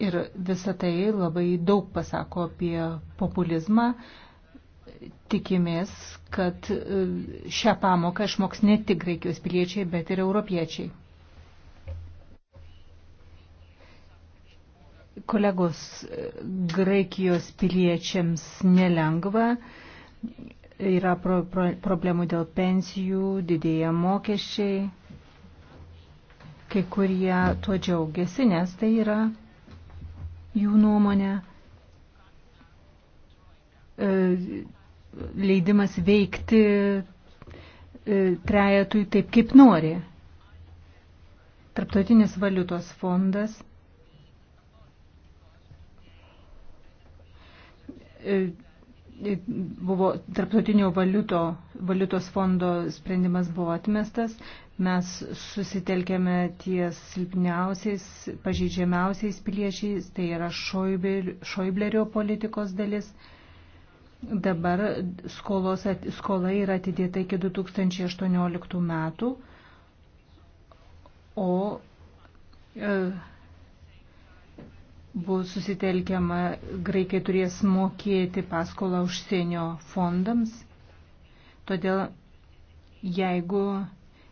[SPEAKER 1] Ir visa tai labai daug pasako apie populizmą. Tikimės, kad e, šią pamoką išmoks ne tik graikijos piliečiai, bet ir europiečiai. Kolegos, Graikijos piliečiams nelengva, yra pro, pro, problemų dėl pensijų, didėja mokesčiai, kai kurie tuo džiaugiasi, nes tai yra jų nuomonė e, leidimas veikti e, trejetui taip, kaip nori. Tarptautinis valiutos fondas E, e, buvo tarptautinio valiuto, valiutos fondo sprendimas buvo atmestas, mes susitelkėme ties silpniausiais, pažeidžiamiausiais piliečiais, tai yra Šoiblerio politikos dalis. Dabar skolos, skola yra atidėta iki 2018 metų, o e, bus susitelkiama, graikai turės mokėti paskolą užsienio fondams. Todėl jeigu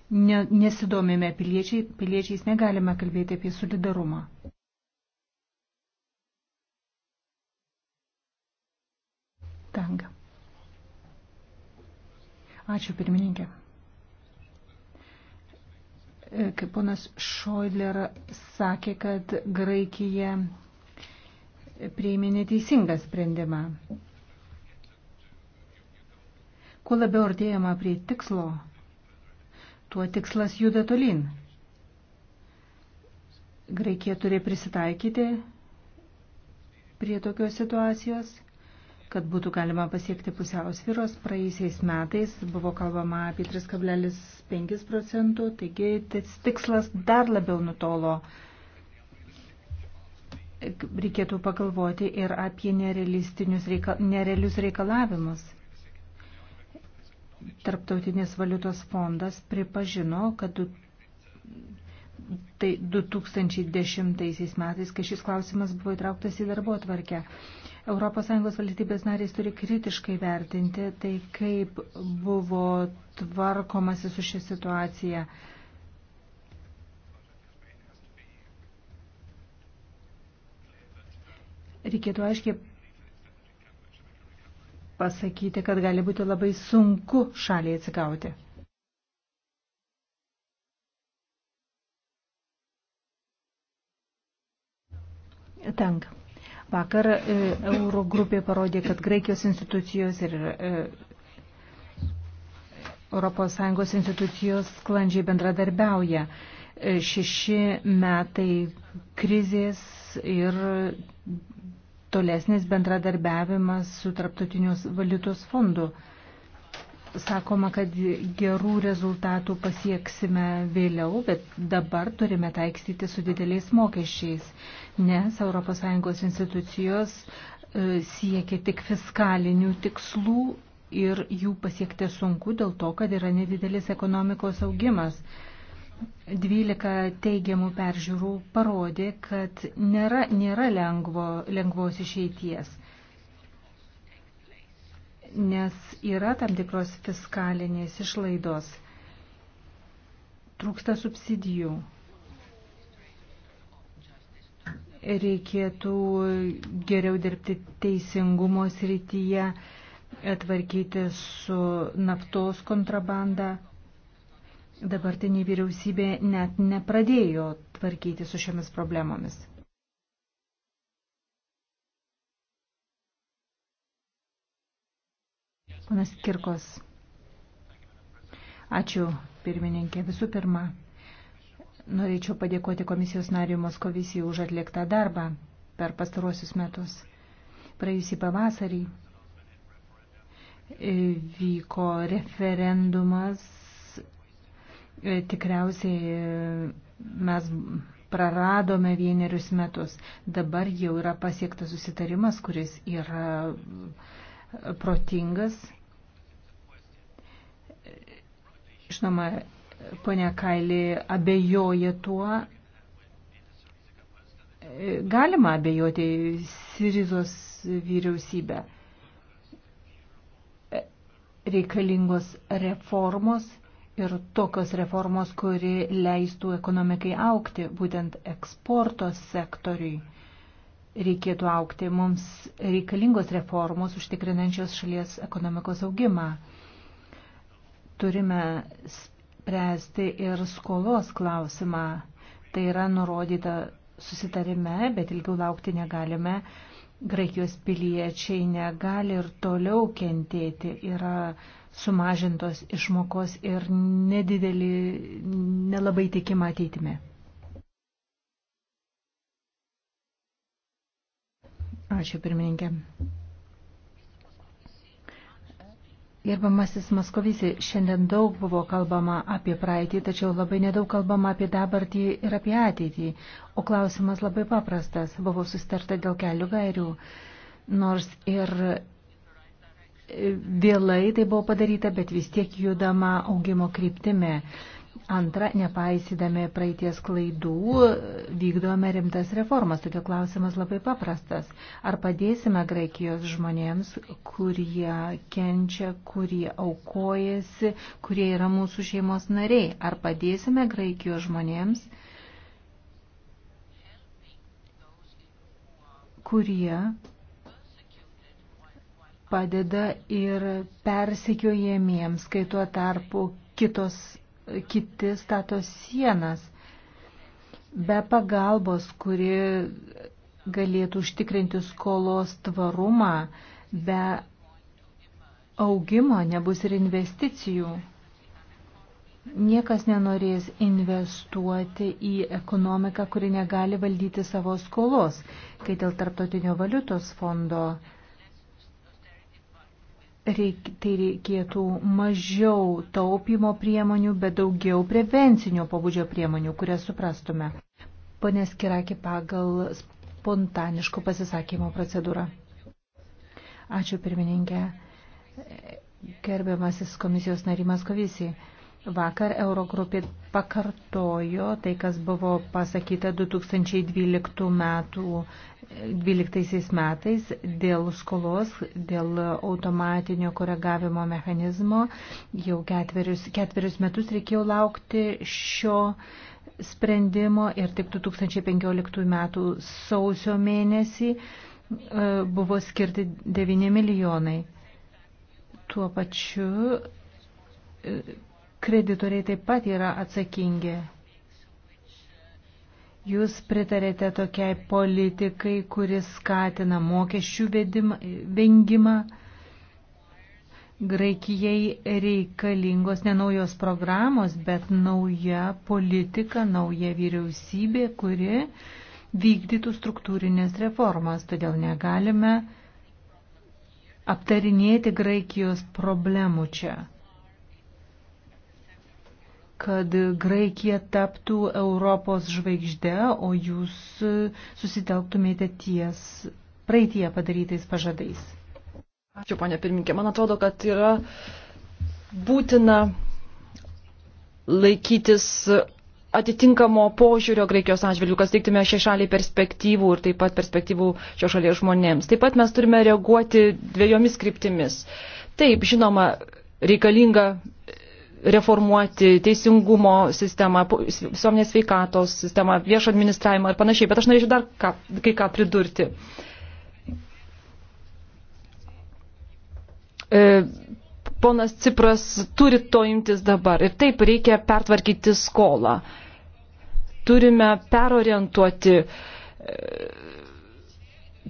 [SPEAKER 1] ne, nesidomime piliečiai, piliečiais, negalime kalbėti apie solidarumą. Tanga. Ačiū pirmininkė. E, kaip ponas Šoidler sakė, kad Graikija priėmė neteisingą sprendimą. Kuo labiau artėjama prie tikslo, tuo tikslas juda tolin. Graikija turi prisitaikyti prie tokios situacijos, kad būtų galima pasiekti pusiausvyros. Praėjusiais metais buvo kalbama apie 3,5 procentų, taigi tikslas dar labiau nutolo reikėtų pagalvoti ir apie reikal, nerealius reikalavimus. Tarptautinis valiutos fondas pripažino, kad tai 2010 metais, kai šis klausimas buvo įtrauktas į darbo atvarkę. ES valstybės narės turi kritiškai vertinti tai, kaip buvo tvarkomasi su šia situacija. reikėtų aiškiai pasakyti, kad gali būti labai sunku šaliai atsigauti. Tenka. Vakar e, Eurogrupė parodė, kad Graikijos institucijos ir ES institucijos sklandžiai bendradarbiauja. E, šeši metai krizės ir tolesnis bendradarbiavimas su Tarptautinius valiutos fondu. Sakoma, kad gerų rezultatų pasieksime vėliau, bet dabar turime taikstyti su dideliais mokesčiais, nes ES institucijos e, siekia tik fiskalinių tikslų ir jų pasiekti sunku dėl to, kad yra nedidelis ekonomikos augimas. 12 teigiamų peržiūrų parodė, kad nėra, nėra lengvo, lengvos išeities, nes yra tam tikros fiskalinės išlaidos, trūksta subsidijų. Reikėtų geriau dirbti teisingumo srityje, atvarkyti su naftos kontrabanda Dabartinė vyriausybė net nepradėjo tvarkyti su šiomis problemomis. Panas Kirkos. Ačiū, pirmininkė. Visų pirma, norėčiau padėkoti komisijos nariui Moskovisijai už atliktą darbą per pastaruosius metus. Praėjusį pavasarį vyko referendumas E, tikriausiai e, mes praradome vienerius metus. Dabar jau yra pasiektas susitarimas, kuris yra e, protingas. Žinoma, ponia Kailį abejoja tuo. Galima abejoti Sirizos vyriausybę reikalingos reformos ir tokios reformos, kuri leistų ekonomikai aukti, būtent eksporto sektoriui reikėtų aukti. Mums reikalingos reformos užtikrinančios šalies ekonomikos augimą. Turime spręsti ir skolos klausimą. Tai yra nurodyta susitarime, bet ilgiau laukti negalime. Graikijos piliečiai negali ir toliau kentėti. Yra sumažintos išmokos ir nedidelį, nelabai tikimą ateitimi. Ačiū pirmininkė. Gerbamasis Maskovisi, šiandien daug buvo kalbama apie praeitį, tačiau labai nedaug kalbama apie dabartį ir apie ateitį. O klausimas labai paprastas. Buvo sustarta dėl kelių gairių. Nors ir Vėlai tai buvo padaryta, bet vis tiek judama augimo kryptime. Antra, nepaisydami praeities klaidų, vykdome rimtas reformas. Todėl klausimas labai paprastas. Ar padėsime Graikijos žmonėms, kurie kenčia, kurie aukojasi, kurie yra mūsų šeimos nariai? Ar padėsime Graikijos žmonėms, kurie padeda ir persikiojamiems, kai tuo tarpu kitos, kiti stato sienas. Be pagalbos, kuri galėtų užtikrinti skolos tvarumą, be augimo nebus ir investicijų. Niekas nenorės investuoti į ekonomiką, kuri negali valdyti savo skolos, kai dėl tarptautinio valiutos fondo reik, tai reikėtų mažiau taupimo priemonių, bet daugiau prevencinio pabudžio priemonių, kurias suprastume. Pane Skiraki pagal spontaniško pasisakymo procedūrą. Ačiū pirmininkė. Gerbiamasis komisijos narimas Kovisiai. Vakar Eurogrupė pakartojo tai, kas buvo pasakyta 2012 metų 12 metais dėl skolos, dėl automatinio koregavimo mechanizmo. Jau ketverius, ketverius metus reikėjo laukti šio sprendimo ir tik 2015 metų sausio mėnesį e, buvo skirti 9 milijonai. Tuo pačiu e, kreditoriai taip pat yra atsakingi. Jūs pritarėte tokiai politikai, kuris skatina mokesčių vengimą. Graikijai reikalingos ne naujos programos, bet nauja politika, nauja vyriausybė, kuri vykdytų struktūrinės reformas. Todėl negalime aptarinėti Graikijos problemų čia kad Graikija taptų Europos žvaigžde, o jūs susitelktumėte ties praeitie padarytais pažadais. Ačiū, ponė pirminkė. Man atrodo, kad yra būtina
[SPEAKER 5] laikytis atitinkamo požiūrio Graikijos atžvilgių, kad teiktume šiai šaliai perspektyvų ir taip pat perspektyvų šios šalies žmonėms. Taip pat mes turime reaguoti dviejomis kryptimis. Taip, žinoma, reikalinga reformuoti teisingumo sistemą, visuomenės sveikatos sistemą, viešo administravimą ir panašiai. Bet aš norėčiau dar ką, kai ką pridurti. E, ponas Cipras turi to imtis dabar ir taip reikia pertvarkyti skolą. Turime perorientuoti e,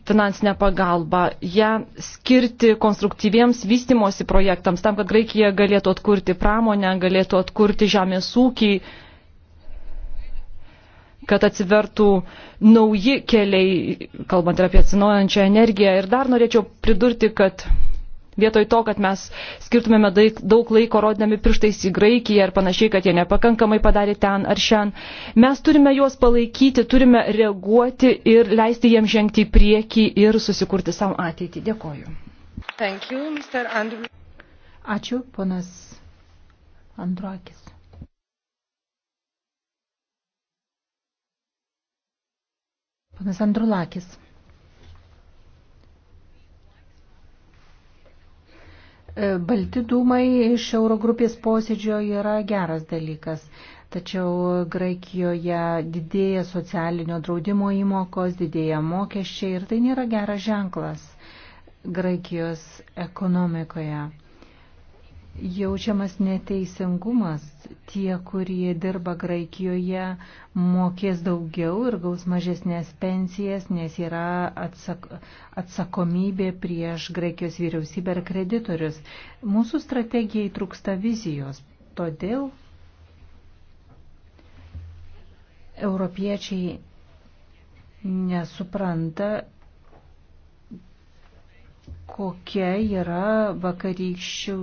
[SPEAKER 5] finansinę pagalbą, ją skirti konstruktyviems vystimosi projektams, tam, kad Graikija galėtų atkurti pramonę, galėtų atkurti žemės ūkį, kad atsivertų nauji keliai, kalbant ir apie atsinaujančią energiją. Ir dar norėčiau pridurti, kad Vietoj to, kad mes skirtumėme daug laiko rodinami pirštais į Graikiją ir panašiai, kad jie nepakankamai padarė ten ar šiandien, mes turime juos palaikyti, turime reaguoti ir leisti jiems žengti į priekį ir susikurti savo ateitį.
[SPEAKER 1] Dėkoju. Thank you, Mr. Andrew. Ačiū, ponas Andruakis. Ponas Andrulakis. Balti dūmai iš Eurogrupės posėdžio yra geras dalykas. Tačiau Graikijoje didėja socialinio draudimo įmokos, didėja mokesčiai ir tai nėra geras ženklas Graikijos ekonomikoje jaučiamas neteisingumas. Tie, kurie dirba Graikijoje, mokės daugiau ir gaus mažesnės pensijas, nes yra atsak atsakomybė prieš Graikijos vyriausybę ir kreditorius. Mūsų strategijai trūksta vizijos. Todėl europiečiai nesupranta kokia yra vakarykščių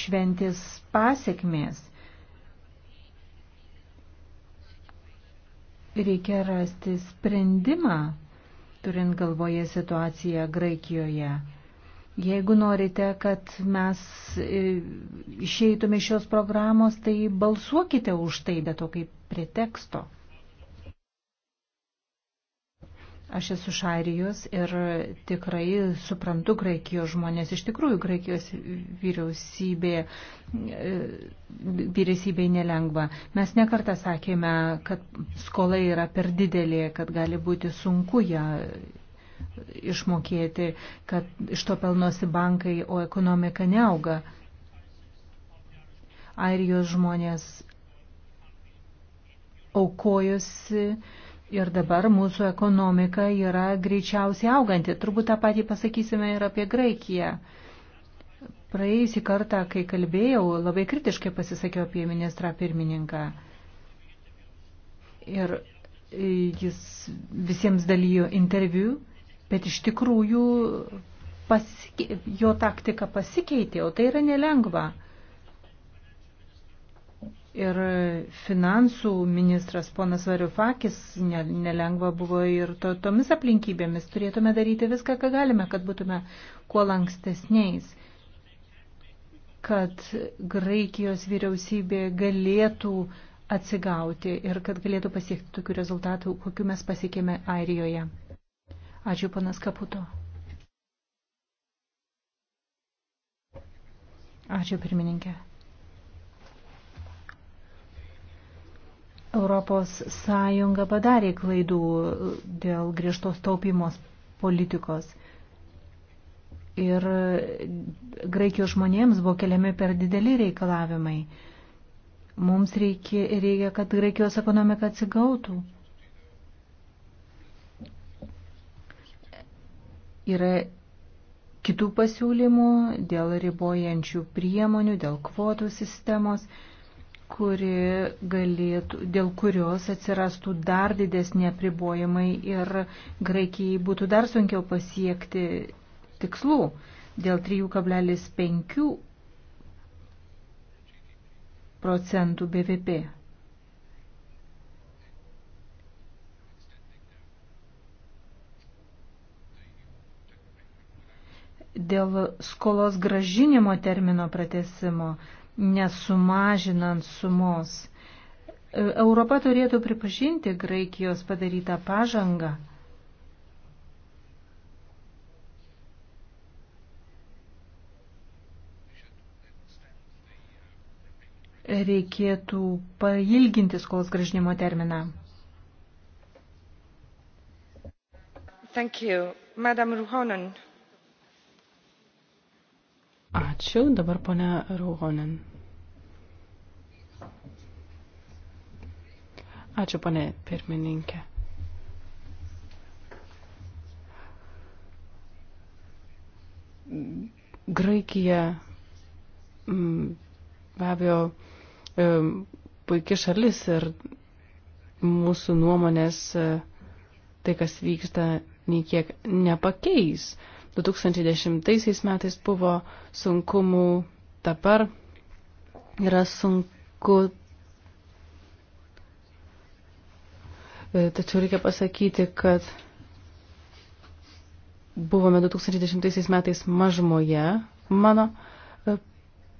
[SPEAKER 1] šventės pasiekmės. Reikia rasti sprendimą, turint galvoje situaciją Graikijoje. Jeigu norite, kad mes e, išeitume iš šios programos, tai balsuokite už tai, bet to kaip preteksto. Aš esu Šairijos ir tikrai suprantu Graikijos žmonės. Iš tikrųjų, Graikijos vyriausybė, vyriausybė nelengva. Mes nekartą sakėme, kad skola yra per didelė, kad gali būti sunku ją išmokėti, kad iš to pelnosi bankai, o ekonomika neauga. Airijos žmonės aukojosi Ir dabar mūsų ekonomika yra greičiausiai auganti. Turbūt tą patį pasakysime ir apie Graikiją. Praėjusį kartą, kai kalbėjau, labai kritiškai pasisakiau apie ministrą pirmininką. Ir e, jis visiems dalyjo interviu, bet iš tikrųjų pasike, jo taktika pasikeitė, o tai yra nelengva. Ir finansų ministras ponas Variufakis nelengva buvo ir to, tomis aplinkybėmis turėtume daryti viską, ką galime, kad būtume kuo lankstesniais, kad Graikijos vyriausybė galėtų atsigauti ir kad galėtų pasiekti tokių rezultatų, kokiu mes pasiekėme Airijoje. Ačiū, panas Kaputo. Ačiū, pirmininkė. Europos Sąjunga padarė klaidų dėl griežtos taupimos politikos. Ir graikijos žmonėms buvo keliami per dideli reikalavimai. Mums reikia, reikia kad graikijos ekonomika atsigautų. Yra kitų pasiūlymų dėl ribojančių priemonių, dėl kvotų sistemos kuri galėtų, dėl kurios atsirastų dar didesnė pribojimai ir Graikijai būtų dar sunkiau pasiekti tikslų dėl 3,5 procentų BVP. Dėl skolos gražinimo termino pratesimo nesumažinant sumos. E, Europa turėtų pripažinti Graikijos padarytą pažangą. Reikėtų pailginti skolos gražinimo terminą. Thank you. Madam Ruhonen.
[SPEAKER 6] Ačiū. Dabar ponia Ruhonen. Ačiū, pane pirmininkė. Graikija mm, be abejo e, puikia šalis ir mūsų nuomonės e, tai, kas vyksta, nei kiek nepakeis. 2010 metais buvo sunkumų, dabar yra sunku E, tačiau reikia pasakyti, kad buvome 2010 metais mažmoje mano e,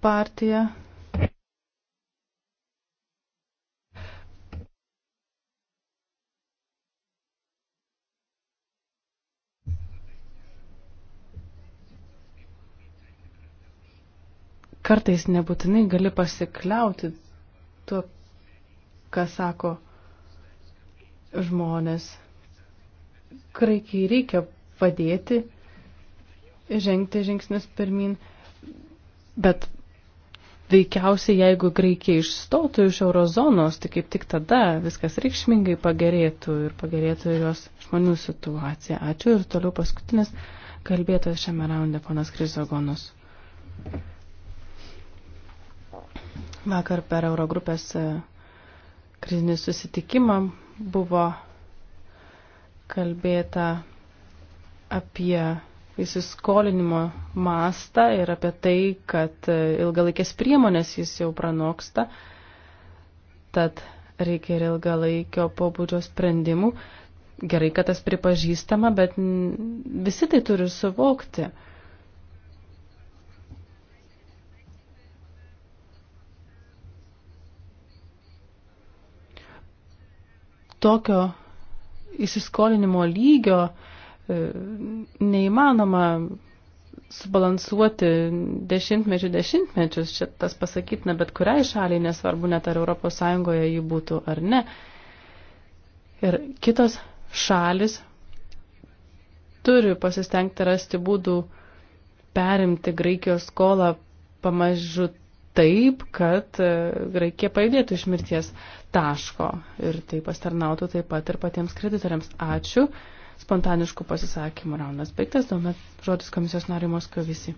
[SPEAKER 6] partija. Kartais nebūtinai gali pasikliauti tuo, ką sako žmonės. Graikijai reikia padėti žengti žingsnius pirmin, bet veikiausiai jeigu Graikija išstotų iš eurozonos, tai kaip tik tada viskas reikšmingai pagerėtų ir pagerėtų ir jos žmonių situacija. Ačiū ir toliau paskutinis kalbėtojas šiame raunde, ponas Krizogonus. Vakar per Eurogrupės e, krizinį susitikimą buvo kalbėta apie įsiskolinimo mastą ir apie tai, kad ilgalaikės priemonės jis jau pranoksta, tad reikia ir ilgalaikio pobūdžio sprendimų. Gerai, kad tas pripažįstama, bet visi tai turi suvokti. tokio įsiskolinimo lygio e, neįmanoma subalansuoti dešimtmečių dešimtmečius, čia tas pasakytina bet kuriai šaliai, nesvarbu net ar Europos Sąjungoje jį būtų ar ne. Ir kitos šalis turi pasistengti rasti būdų perimti Graikijos skolą pamažu taip, kad e, Graikija pajudėtų iš mirties taško ir tai pastarnautų taip pat ir patiems kreditoriams. Ačiū. Spontaniškų pasisakymų raundas baigtas, tuomet žodis komisijos nariui Moskovisi.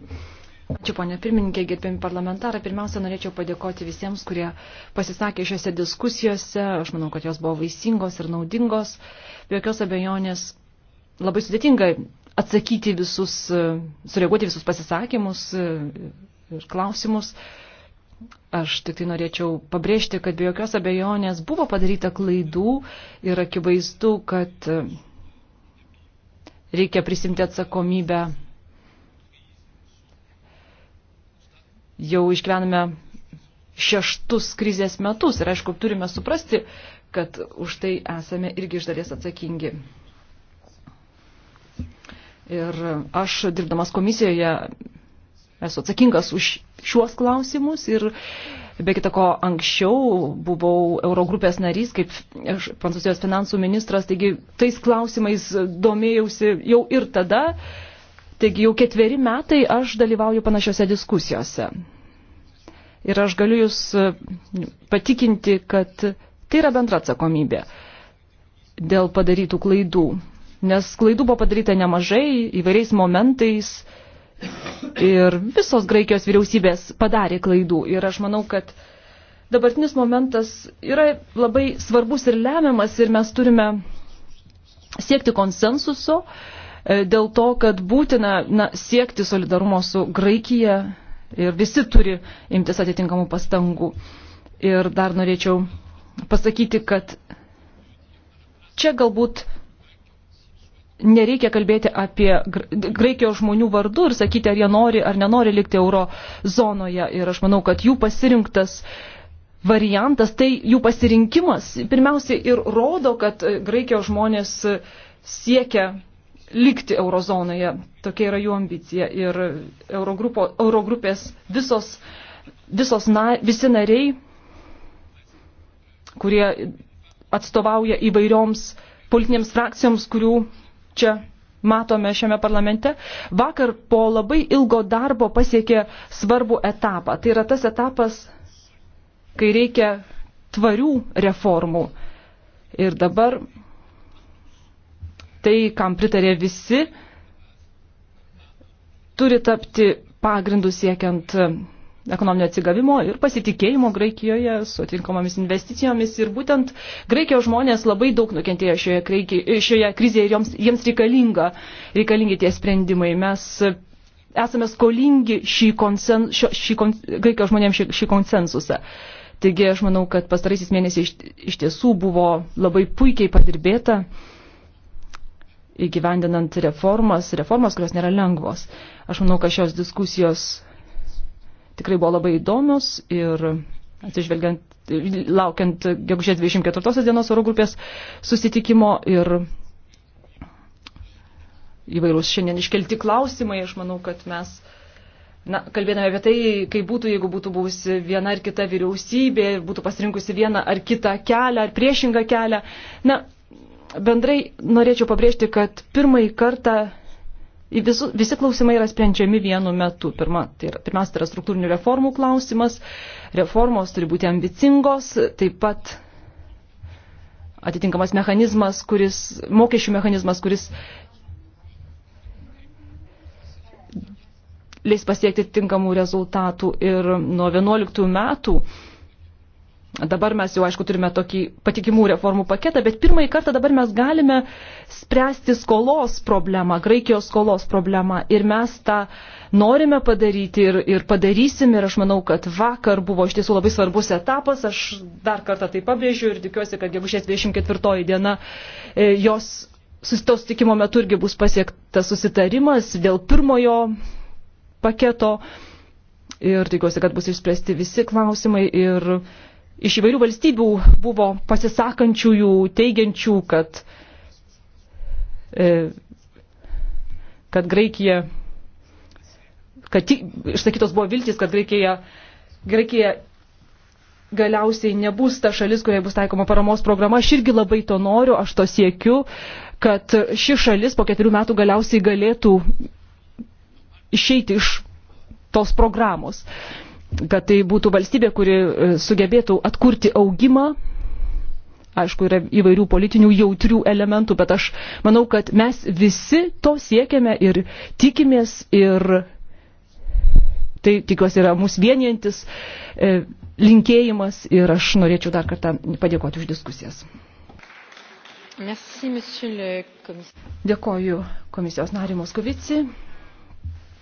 [SPEAKER 5] Ačiū, ponė pirmininkė, gerbėmi parlamentarai. Pirmiausia, norėčiau
[SPEAKER 6] padėkoti visiems,
[SPEAKER 5] kurie pasisakė šiuose diskusijose. Aš manau, kad jos buvo vaisingos ir naudingos. Be jokios abejonės labai sudėtinga atsakyti visus, sureaguoti visus pasisakymus ir klausimus. Uh, Aš tik tai norėčiau pabrėžti, kad be jokios abejonės buvo padaryta klaidų ir akivaizdu, kad e, reikia prisimti atsakomybę. Jau išgyvename šeštus krizės metus ir aišku, turime suprasti, kad už tai esame irgi iš dalies atsakingi. Ir aš dirbdamas komisijoje esu atsakingas už šiuos klausimus ir be kita ko anksčiau buvau Eurogrupės narys kaip Prancūzijos finansų ministras, taigi tais klausimais domėjausi jau ir tada, taigi jau ketveri metai aš dalyvauju panašiose diskusijose. Ir aš galiu Jūs e, patikinti, kad tai yra bendra atsakomybė dėl padarytų klaidų, nes klaidų buvo padaryta nemažai įvairiais momentais Ir visos Graikijos vyriausybės padarė klaidų. Ir aš manau, kad dabartinis momentas yra labai svarbus ir lemiamas ir mes turime siekti konsensuso e, dėl to, kad būtina na, siekti solidarumo su Graikija ir visi turi imtis atitinkamų pastangų. Ir dar norėčiau pasakyti, kad čia galbūt nereikia kalbėti apie Graikijos žmonių vardu ir sakyti, ar jie nori ar nenori likti euro zonoje. Ir aš manau, kad jų pasirinktas variantas, tai jų pasirinkimas pirmiausiai ir rodo, kad Graikijos žmonės siekia likti eurozonoje. Tokia yra jų ambicija. Ir Eurogrupo, Eurogrupės visos, visos na, visi nariai, kurie atstovauja įvairioms politinėms frakcijoms, kurių čia matome šiame parlamente, vakar po labai ilgo darbo pasiekė svarbų etapą. Tai yra tas etapas, kai reikia tvarių reformų. Ir dabar tai, kam pritarė visi, turi tapti pagrindų siekiant ekonominio atsigavimo ir pasitikėjimo Graikijoje su atinkamomis investicijomis. Ir būtent Graikijos žmonės labai daug nukentėjo šioje, kreiki, šioje krizėje ir joms, jiems reikalinga, reikalingi tie sprendimai. Mes esame skolingi šį, konsen, šio, šį kon, Graikijos žmonėms šį, šį konsensusą. Taigi aš manau, kad pastaraisiais mėnesiais iš, iš tiesų buvo labai puikiai padirbėta įgyvendinant reformas, reformas, kurios nėra lengvos. Aš manau, kad šios diskusijos tikrai buvo labai įdomios ir atsižvelgiant, laukiant gegužės 24 dienos oro grupės susitikimo ir įvairūs šiandien iškelti klausimai, aš manau, kad mes na, kalbėdami apie tai, kaip būtų, jeigu būtų buvusi viena ar kita vyriausybė ir būtų pasirinkusi vieną ar kitą kelią ar priešingą kelią. Na, bendrai norėčiau pabrėžti, kad pirmąjį kartą Visu, visi klausimai yra sprendžiami vienu metu. Pirma, tai yra, pirmiausia, tai yra struktūrinių reformų klausimas. Reformos turi būti ambicingos, taip pat atitinkamas mechanizmas, kuris, mokesčių mechanizmas, kuris leis pasiekti tinkamų rezultatų. Ir nuo 11 metų Dabar mes jau, aišku, turime tokį patikimų reformų paketą, bet pirmąjį kartą dabar mes galime spręsti skolos problemą, Graikijos skolos problemą. Ir mes tą norime padaryti ir, ir padarysim. Ir aš manau, kad vakar buvo iš tiesų labai svarbus etapas. Aš dar kartą tai pabrėžiu ir tikiuosi, kad gegužės 24 diena e, jos susitikimo metu irgi bus pasiektas susitarimas dėl pirmojo paketo. Ir tikiuosi, kad bus išspręsti visi klausimai. Ir iš įvairių valstybių buvo pasisakančiųjų, teigiančių, kad, e, kad Graikija, kad išsakytos buvo viltis, kad Graikija, Graikija galiausiai nebus ta šalis, kurioje bus taikoma paramos programa. Aš irgi labai to noriu, aš to siekiu, kad ši šalis po keturių metų galiausiai galėtų išeiti iš tos programos. Uh, kad tai būtų valstybė, kuri e, sugebėtų atkurti augimą. Aišku, yra įvairių politinių jautrių elementų, bet aš manau, kad mes visi to siekiame ir tikimės ir tai tikiuosi yra mūsų vienijantis e, linkėjimas ir aš norėčiau dar kartą padėkoti už diskusijas. Merci, Dėkoju komisijos nariu Moskovici.